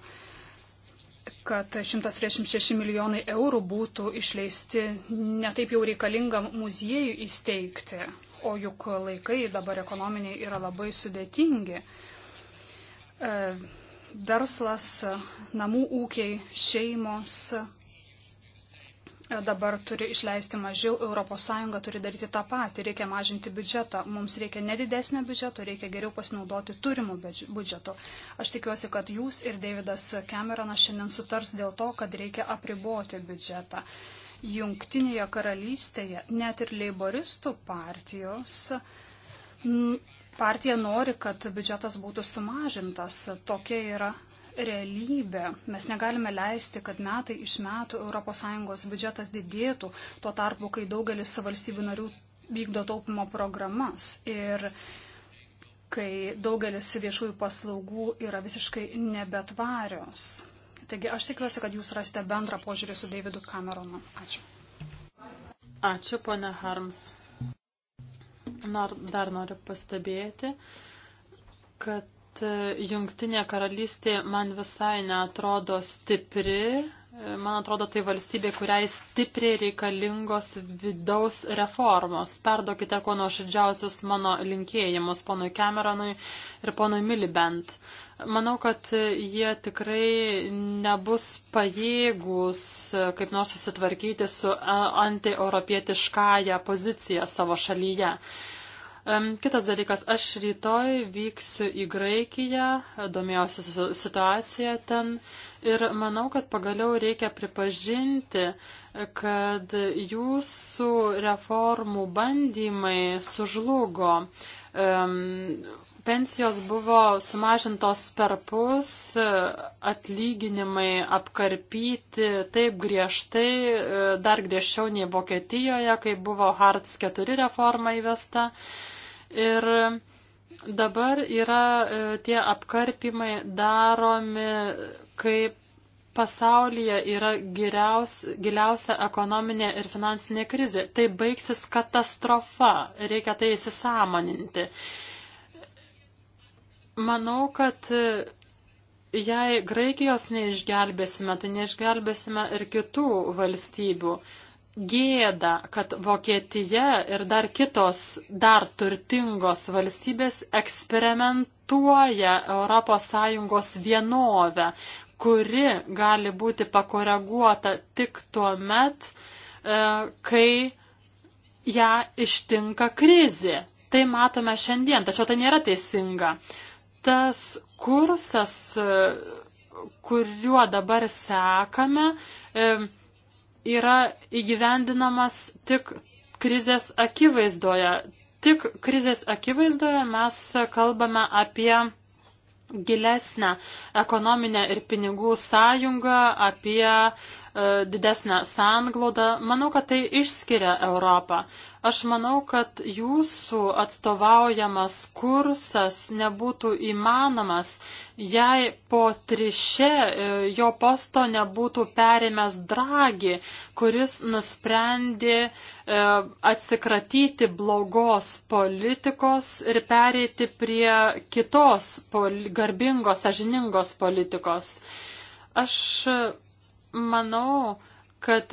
kad 136 milijonai eurų būtų išleisti netaip jau reikalingam muziejui įsteigti, o juk laikai dabar ekonominiai yra labai sudėtingi. E, verslas, namų ūkiai, šeimos dabar turi išleisti mažiau, ES turi daryti tą patį, reikia mažinti biudžetą, mums reikia nedidesnio biudžeto, reikia geriau pasinaudoti turimų biudžeto. Aš tikiuosi, kad jūs ir Davidas Cameronas šiandien sutars dėl to, kad reikia apriboti biudžetą. Jungtinėje karalystėje net ir leiboristų partijos partija nori, kad biudžetas būtų sumažintas. Tokia yra realybė. Mes negalime leisti, kad metai iš metų ES biudžetas didėtų, tuo tarpu, kai daugelis valstybių narių vykdo taupimo programas ir kai daugelis viešųjų paslaugų yra visiškai nebetvarios. Taigi aš tikiuosi, kad jūs rasite bendrą požiūrį su Davidu Cameronu. Ačiū. Ačiū, ponia Harms. Nor, dar noriu pastebėti, kad E, Jungtinė karalystė man visai netrodo stipri. E, man atrodo, tai valstybė, kuriai stipriai reikalingos vidaus reformos. Perdokite kuo nuoširdžiausius mano linkėjimus ponui Cameronui ir ponui Milibent. Manau, kad e, jie tikrai nebus pajėgus kaip nors susitvarkyti su antieuropietiškąją poziciją savo šalyje. Kitas dalykas, aš rytoj vyksiu į Graikiją, domėjausi situaciją ten ir manau, kad pagaliau reikia pripažinti, kad jūsų reformų bandymai sužlugo. Pensijos buvo sumažintos per pus, atlyginimai apkarpyti taip griežtai, dar griežčiau nei Vokietijoje, kai buvo Hartz 4 reforma įvesta. Ir dabar yra e, tie apkarpimai daromi, kaip pasaulyje yra giliaus, giliausia ekonominė ir finansinė krizė. Tai baigsis katastrofa, reikia tai įsisamoninti. Manau, kad e, jei Graikijos neišgelbėsime, tai neišgelbėsime ir kitų valstybių gėda, kad Vokietija ir dar kitos dar turtingos valstybės eksperimentuoja ES vienovę, kuri gali būti pakoreguota tik tuo met, e, kai ją ištinka krizė. Tai matome šiandien, tačiau tai nėra teisinga. Tas kursas, e, kuriuo dabar sekame, e, yra įgyvendinamas tik krizės akivaizdoje. Tik krizės akivaizdoje mes kalbame apie gilesnę ekonominę ir pinigų sąjungą, apie e, didesnę sanglaudą. Manau, kad tai išskiria Europą. Aš manau, kad jūsų atstovaujamas kursas nebūtų įmanomas, jei po triše e, jo posto nebūtų perimęs Dragi, kuris nusprendė e, atsikratyti blogos politikos ir pereiti prie kitos garbingos, sažiningos politikos. Aš e, manau, kad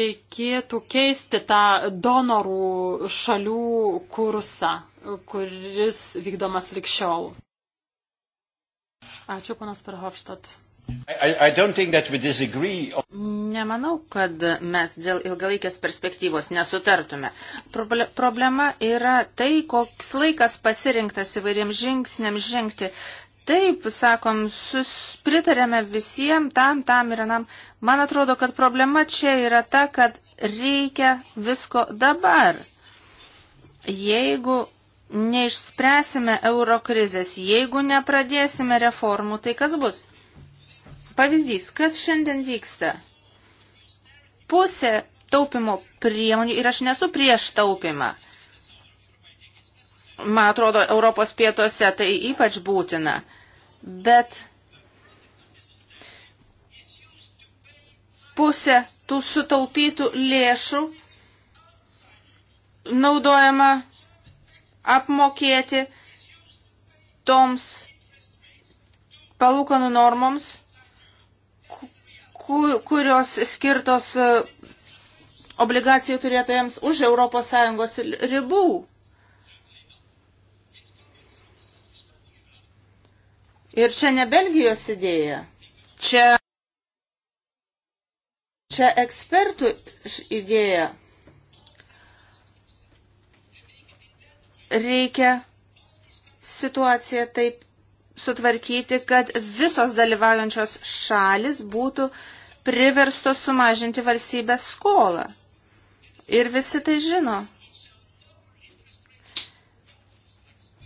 reikėtų keisti tą donorų šalių kursą, kuris vykdomas likščiau. Ačiū, ponas Perhofštat. I, I Nemanau, kad mes dėl ilgalaikės perspektyvos nesutartume. Problema yra tai, koks laikas pasirinktas įvairiems žingsniams žengti taip, sakom, sus, pritarėme visiems tam, tam ir anam. Man atrodo, kad problema čia yra ta, kad reikia visko dabar. Jeigu neišspręsime euro krizės, jeigu nepradėsime reformų, tai kas bus? Pavyzdys, kas šiandien vyksta? Pusė taupimo priemonių ir aš nesu prieš taupimą. Man atrodo, Europos pietuose tai ypač būtina bet pusė tų sutaupytų lėšų naudojama apmokėti toms palūkanų normoms, kurios skirtos e, obligacijų turėtojams už ES ribų. Ir čia ne Belgijos idėja, čia, čia ekspertų idėja. Reikia situaciją taip sutvarkyti, kad visos dalyvaujančios šalis būtų priverstos sumažinti valstybės skolą. Ir visi tai žino.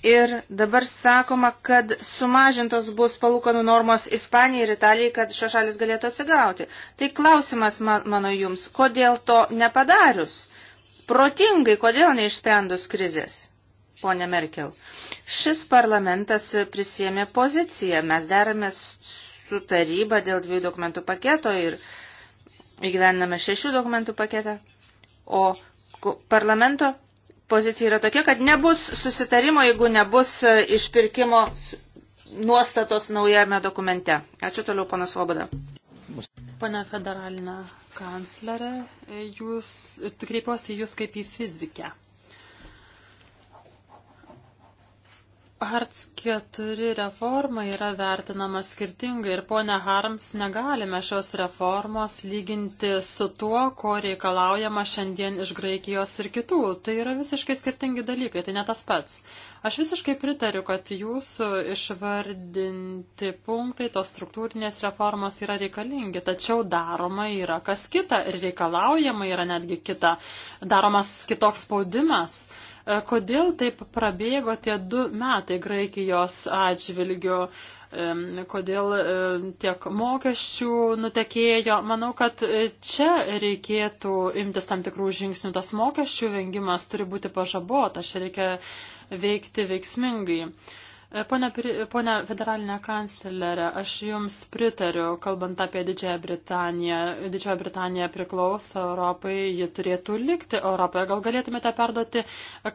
Ir dabar sakoma, kad sumažintos bus palūkanų normos Ispanijai ir Italijai, kad šios šalis galėtų atsigauti. Tai klausimas man, mano jums, kodėl to nepadarius? Protingai, kodėl neišsprendus krizės? Pone Merkel, šis parlamentas prisėmė poziciją. Mes deramės su taryba dėl dviejų dokumentų paketo ir įgyvendame šešių dokumentų paketą. O parlamento pozicija yra tokia, kad nebus susitarimo, jeigu nebus e, išpirkimo nuostatos naujame dokumente. Ačiū toliau, panas Voboda. Pane federalinė kanclerė, e, jūs, e, kreipiuosi jūs kaip į fizikę. Arts 4 reforma yra vertinama skirtingai ir ponia Harms negalime šios reformos lyginti su tuo, ko reikalaujama šiandien iš Graikijos ir kitų. Tai yra visiškai skirtingi dalykai, tai ne tas pats. Aš visiškai pritariu, kad jūsų išvardinti punktai tos struktūrinės reformos yra reikalingi, tačiau daroma yra kas kita ir reikalaujama yra netgi kita, daromas kitoks spaudimas. E, kodėl taip prabėgo tie du metai Graikijos atžvilgiu? E, kodėl e, tiek mokesčių nutekėjo. Manau, kad čia reikėtų imtis tam tikrų žingsnių. Tas mokesčių vengimas turi būti pažabotas, čia reikia veikti veiksmingai. Pone, pone federalinė kanclerė, aš Jums pritariu, kalbant apie Didžiąją Britaniją. Didžioji Britanija priklauso Europai, ji turėtų likti Europoje. Gal galėtumėte perduoti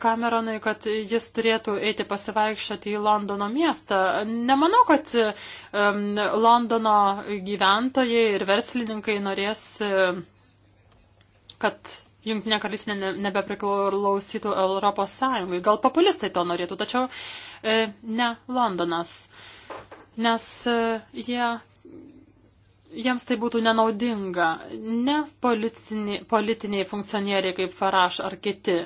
Cameronui, kad jis turėtų eiti pasivaikščioti į Londono miestą? Nemanau, kad um, Londono gyventojai ir verslininkai norės, kad jungtinė karalystė ne, nebepriklausytų Europos Sąjungai. Gal populistai to norėtų, tačiau e, ne Londonas, nes e, jie, jiems tai būtų nenaudinga, ne politiniai, politiniai funkcionieriai kaip Faraš ar kiti.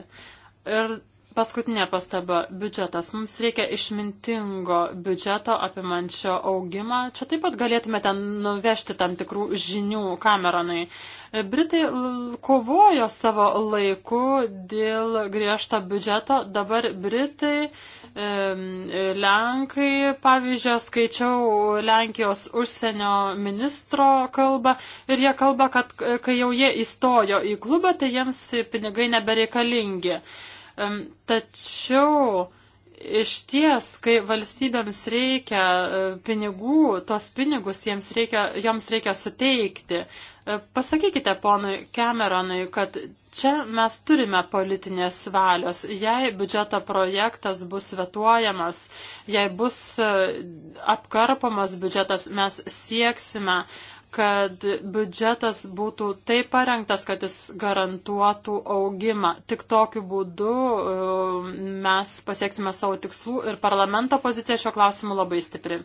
Ir Paskutinė pastaba - biudžetas. Mums reikia išmintingo biudžeto apimančio augimą. Čia taip pat galėtume ten nuvežti tam tikrų žinių kameronai. Britai kovojo savo laiku dėl griežto biudžeto. Dabar Britai, Lenkai, pavyzdžiui, skaičiau Lenkijos užsienio ministro kalbą ir jie kalba, kad kai jau jie įstojo į klubą, tai jiems pinigai nebereikalingi. Tačiau iš ties, kai valstybėms reikia e, pinigų, tos pinigus jiems reikia, joms reikia suteikti. E, pasakykite ponui Cameronui, kad čia mes turime politinės valios. Jei biudžeto projektas bus vetuojamas, jei bus e, apkarpamas biudžetas, mes sieksime uh, kad biudžetas būtų taip parengtas, kad jis garantuotų augimą. Tik tokiu būdu um, mes pasieksime savo tikslų ir parlamento pozicija šio klausimu labai stipri.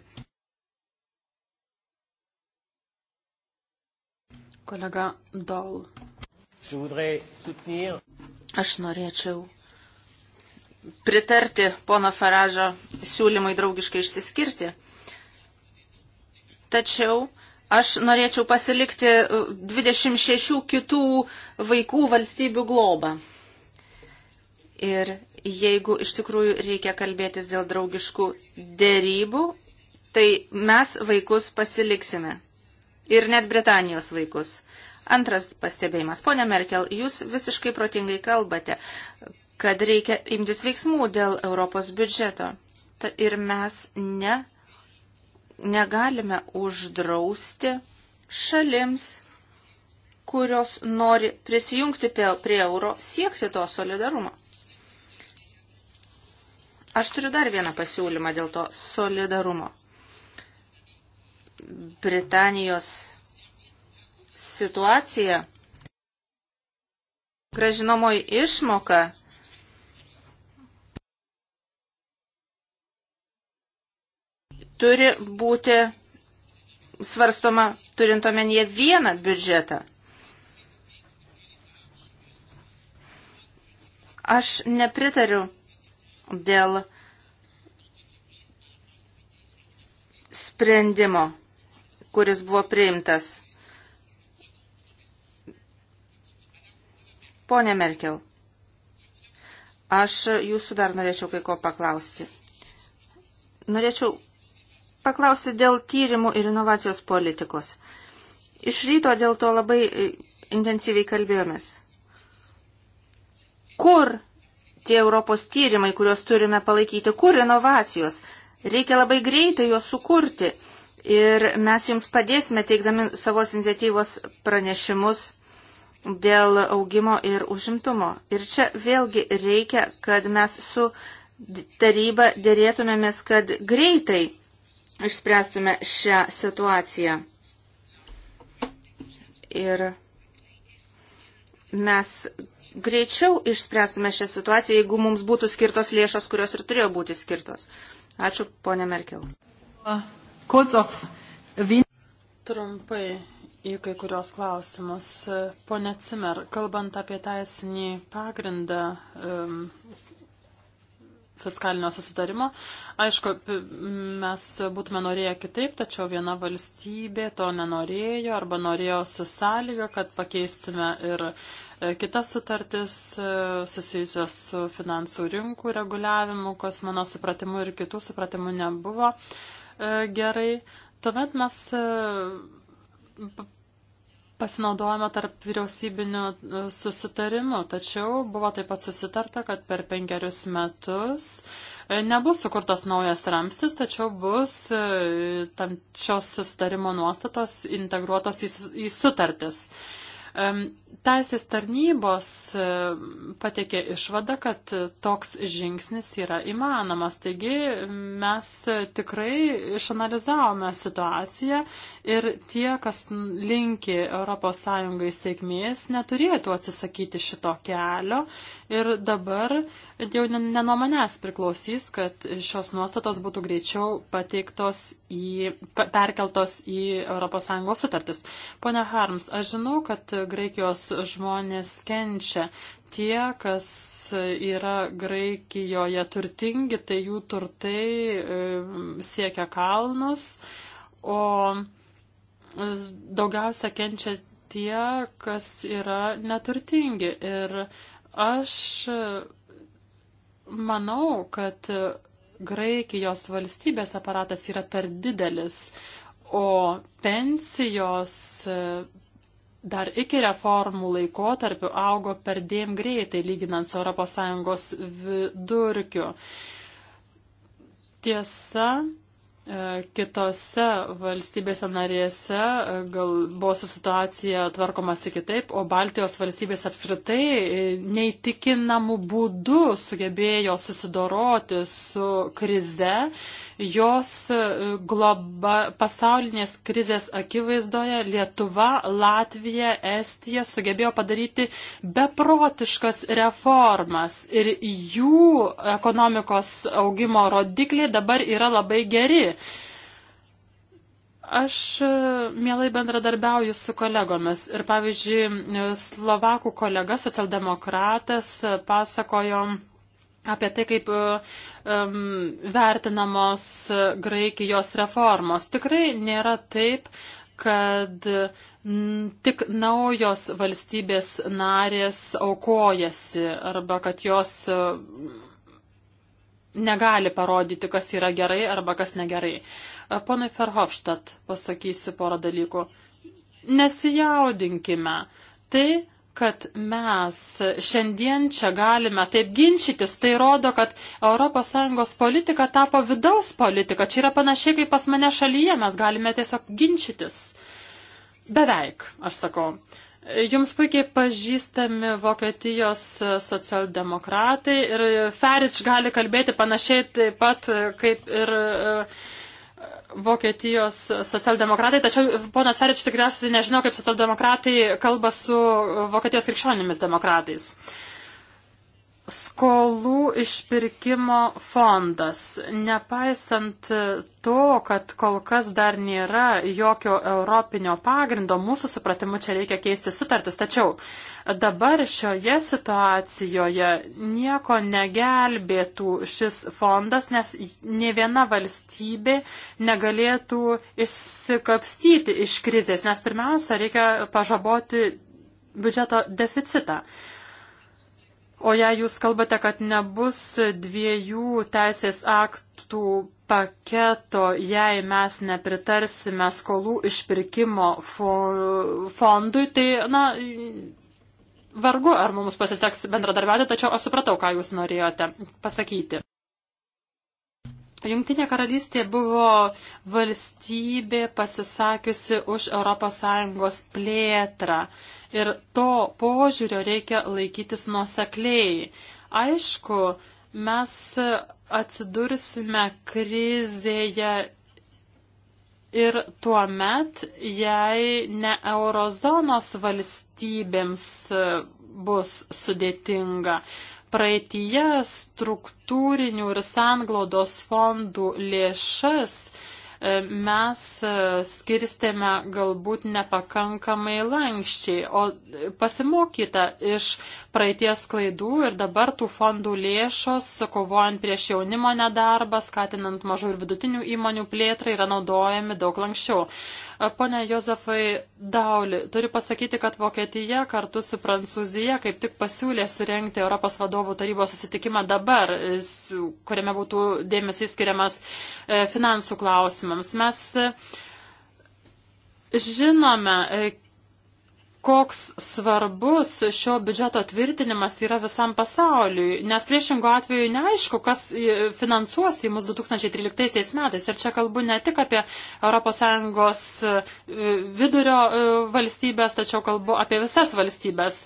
Kolega Dol. Aš norėčiau pritarti pono Faražo siūlymui draugiškai išsiskirti. Tačiau Aš norėčiau pasilikti 26 e, kitų vaikų valstybių globą. Ir jeigu iš tikrųjų reikia kalbėtis dėl draugiškų dėrybų, tai mes vaikus pasiliksime. Ir net Britanijos vaikus. Antras pastebėjimas. Pone Merkel, jūs visiškai protingai kalbate, kad reikia imtis veiksmų dėl Europos biudžeto. Ta, ir mes ne negalime uždrausti šalims, kurios nori prisijungti prie euro, siekti to solidarumo. Aš turiu dar vieną pasiūlymą dėl to solidarumo. Britanijos situacija gražinamoji išmoka turi būti svarstoma turint omenyje vieną biudžetą. Aš nepritariu dėl sprendimo, kuris buvo priimtas. Pone Merkel, aš jūsų dar norėčiau kai ko paklausti. Norėčiau paklausė dėl tyrimų ir inovacijos politikos. Iš ryto dėl to labai e, intensyviai kalbėjomės. Kur tie Europos tyrimai, kuriuos turime palaikyti, kur inovacijos? Reikia labai greitai juos sukurti. Ir mes jums padėsime teikdami savos iniciatyvos pranešimus dėl augimo ir užimtumo. Ir čia vėlgi reikia, kad mes su taryba dėrėtumėmės, kad greitai išspręstume šią situaciją. Ir mes greičiau išspręstume šią situaciją, jeigu mums būtų skirtos lėšos, kurios ir turėjo būti skirtos. Ačiū, ponė Merkel. Trumpai į kai kurios klausimus. Pone Cimer, kalbant apie teisinį pagrindą, fiskalinio susitarimo. Aišku, mes būtume norėję kitaip, tačiau viena valstybė to nenorėjo arba norėjo su sąlyga, kad pakeistume ir e, kitas sutartis e, susijusios su finansų rinkų reguliavimu, kas mano supratimu ir kitų supratimų nebuvo e, gerai. Tuomet mes pasinaudojame tarp vyriausybinių e, susitarimų, tačiau buvo taip pat susitarta, kad per penkerius metus e, nebus sukurtas naujas ramstis, tačiau bus e, tam šios susitarimo nuostatos integruotos į, į sutartis. Teisės tarnybos e, patikė išvadą, kad toks žingsnis yra įmanomas. Taigi mes tikrai išanalizavome situaciją ir tie, kas linki ES sėkmės, neturėtų atsisakyti šito kelio Ir dabar jau ne nuo manęs priklausys, kad šios nuostatos būtų greičiau pateiktos į, perkeltos į ES sutartis. Pone Harms, aš žinau, kad Graikijos žmonės kenčia. Tie, kas yra Graikijoje turtingi, tai jų turtai e, siekia kalnus, o daugiausia kenčia tie, kas yra neturtingi. Ir Aš e, manau, kad e, Graikijos valstybės aparatas yra per didelis, o pensijos e, dar iki reformų laikotarpių augo per dėm greitai, lyginant su ES vidurkiu. Tiesa, kitose valstybėse narėse e, gal buvo su situacija tvarkomasi kitaip, o Baltijos valstybės apskritai e, neįtikinamu būdu sugebėjo susidoroti su krize jos e, globa, pasaulinės krizės akivaizdoje Lietuva, Latvija, Estija sugebėjo padaryti beprotiškas reformas ir jų ekonomikos augimo rodikliai dabar yra labai geri. Aš e, mielai bendradarbiauju su kolegomis ir pavyzdžiui, e, Slovakų kolega socialdemokratas pasakojo, apie tai, kaip um, vertinamos e, Graikijos reformos. Tikrai nėra taip, kad m, tik naujos valstybės narės aukojasi arba kad jos e, negali parodyti, kas yra gerai arba kas negerai. Ponai Ferhofštat, pasakysiu porą dalykų. Nesijaudinkime. Tai kad mes šiandien čia galime taip ginčytis, tai rodo, kad ES politika tapo vidaus politika. Čia yra panašiai kaip pas mane šalyje, mes galime tiesiog ginčytis. Beveik, aš sakau. Jums puikiai pažįstami Vokietijos socialdemokratai ir Ferič gali kalbėti panašiai taip pat kaip ir uh, Vokietijos socialdemokratai, tačiau ponas Ferič tikriausiai nežino, kaip socialdemokratai kalba su Vokietijos krikščionimis demokratais. Uh, skolų išpirkimo fondas. Nepaisant to, kad kol kas dar nėra jokio europinio pagrindo, mūsų supratimu čia reikia keisti sutartis. Tačiau dabar šioje situacijoje nieko negelbėtų šis fondas, nes ne viena valstybė negalėtų išsikapstyti iš krizės, nes pirmiausia reikia pažaboti biudžeto deficitą. O jei jūs kalbate, kad nebus dviejų teisės aktų paketo, jei mes nepritarsime skolų išpirkimo fondui, tai, na, vargu, ar mums pasiseks bendradarbiauti, tačiau aš supratau, ką jūs norėjote pasakyti. Jungtinė karalystė buvo valstybė pasisakiusi už ES plėtrą ir to požiūrio reikia laikytis nuosekliai. Aišku, mes atsidursime krizėje ir tuo met, jei ne eurozonos valstybėms bus sudėtinga. Praeitie struktūrinių ir sanglaudos fondų lėšas E, mes e, skirstėme galbūt nepakankamai lankščiai, o pasimokyta iš praeities klaidų ir dabar tų fondų lėšos, kovojant prieš jaunimo nedarbą, skatinant mažų ir vidutinių įmonių plėtrą, yra naudojami daug lankščiau. Pone Jozefai Dauli, turiu pasakyti, kad Vokietija kartu su Prancūzija kaip tik pasiūlė surenkti Europos vadovų tarybos susitikimą dabar, e, kuriame būtų dėmesys skiriamas e, finansų klausimams. Mes e, žinome, koks svarbus šio biudžeto tvirtinimas yra visam pasauliui, nes priešingo atveju neaišku, kas finansuos į mus 2013 metais. Ir čia kalbu ne tik apie ES e, vidurio e, valstybės, tačiau kalbu apie visas valstybės.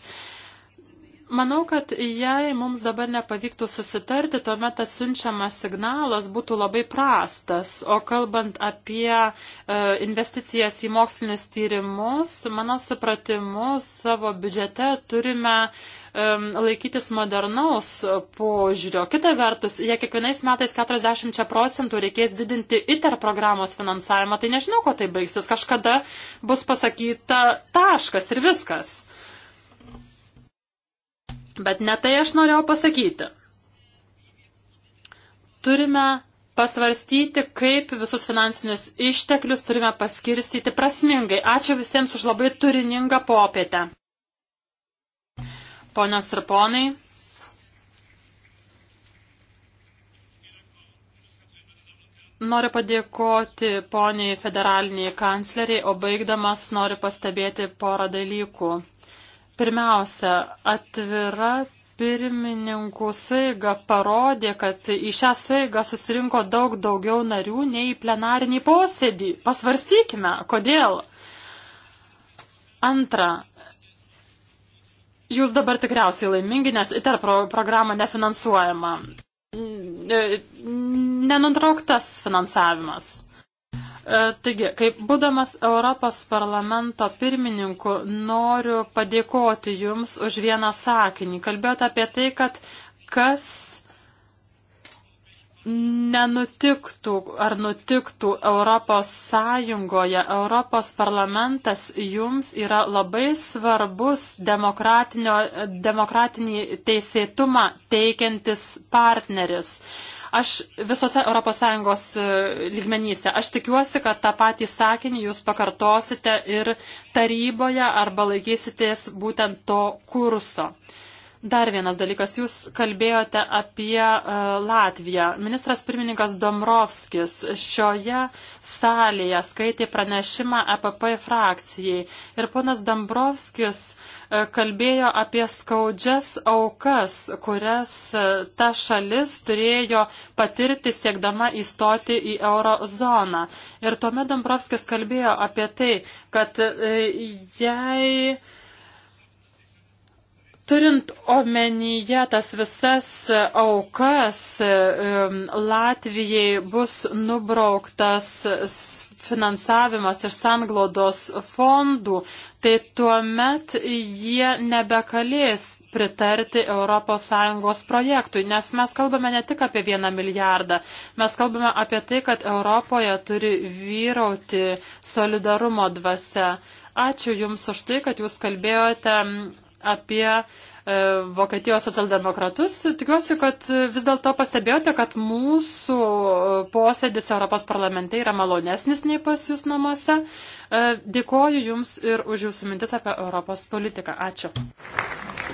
Manau, kad jei mums dabar nepavyktų susitarti, tuomet tas siunčiamas signalas būtų labai prastas. O kalbant apie e, investicijas į mokslinius tyrimus, mano supratimu, savo biudžete turime e, laikytis modernaus požiūrio. Kita vertus, jei kiekvienais metais 40 procentų reikės didinti ITER programos finansavimą, tai nežinau, kuo tai baigsis. Kažkada bus pasakyta taškas ir viskas. Bet ne tai aš norėjau pasakyti. Turime pasvarstyti, kaip visus finansinius išteklius turime paskirstyti prasmingai. Ačiū visiems už labai turiningą popietę. Ponios ir ponai. Noriu padėkoti poniai federaliniai kancleriai, o baigdamas noriu pastebėti porą dalykų. Pirmiausia, atvira pirmininkų suiga parodė, kad į šią suigą susirinko daug daugiau narių nei į plenarinį posėdį. Pasvarstykime, kodėl. Antra, jūs dabar tikriausiai laimingi, nes ITER pro programa nefinansuojama. Nenutrauktas finansavimas. E, taigi, kaip būdamas Europos parlamento pirmininku, noriu padėkoti Jums už vieną sakinį. Kalbėjote apie tai, kad kas nenutiktų ar nutiktų Europos Sąjungoje, Europos parlamentas Jums yra labai svarbus demokratinį teisėtumą teikiantis partneris. Aš visose ES e, lygmenyse, aš tikiuosi, kad tą patį sakinį jūs pakartosite ir taryboje arba laikysitės būtent to kurso. Dar vienas dalykas, jūs kalbėjote apie uh, Latviją. Ministras pirmininkas Domrovskis šioje salėje skaitė pranešimą EPP frakcijai. Ir ponas Dombrovskis uh, E, kalbėjo apie skaudžias aukas, kurias e, ta šalis turėjo patirti siekdama įstoti į eurozoną. Ir tuomet Dombrovskis kalbėjo apie tai, kad e, jei Turint omenyje tas visas aukas, Latvijai bus nubrauktas finansavimas iš sanglodos fondų, tai tuomet jie nebekalės pritarti ES projektui, nes mes kalbame ne tik apie vieną milijardą, mes kalbame apie tai, kad Europoje turi vyrauti solidarumo dvasia. Ačiū Jums už tai, kad Jūs kalbėjote apie e, Vokietijos socialdemokratus. Tikiuosi, kad e, vis dėlto pastebėjote, kad mūsų e, posėdis Europos parlamente yra malonesnis nei pas jūs namuose. Dėkoju Jums ir už Jūsų mintis apie Europos politiką. Ačiū.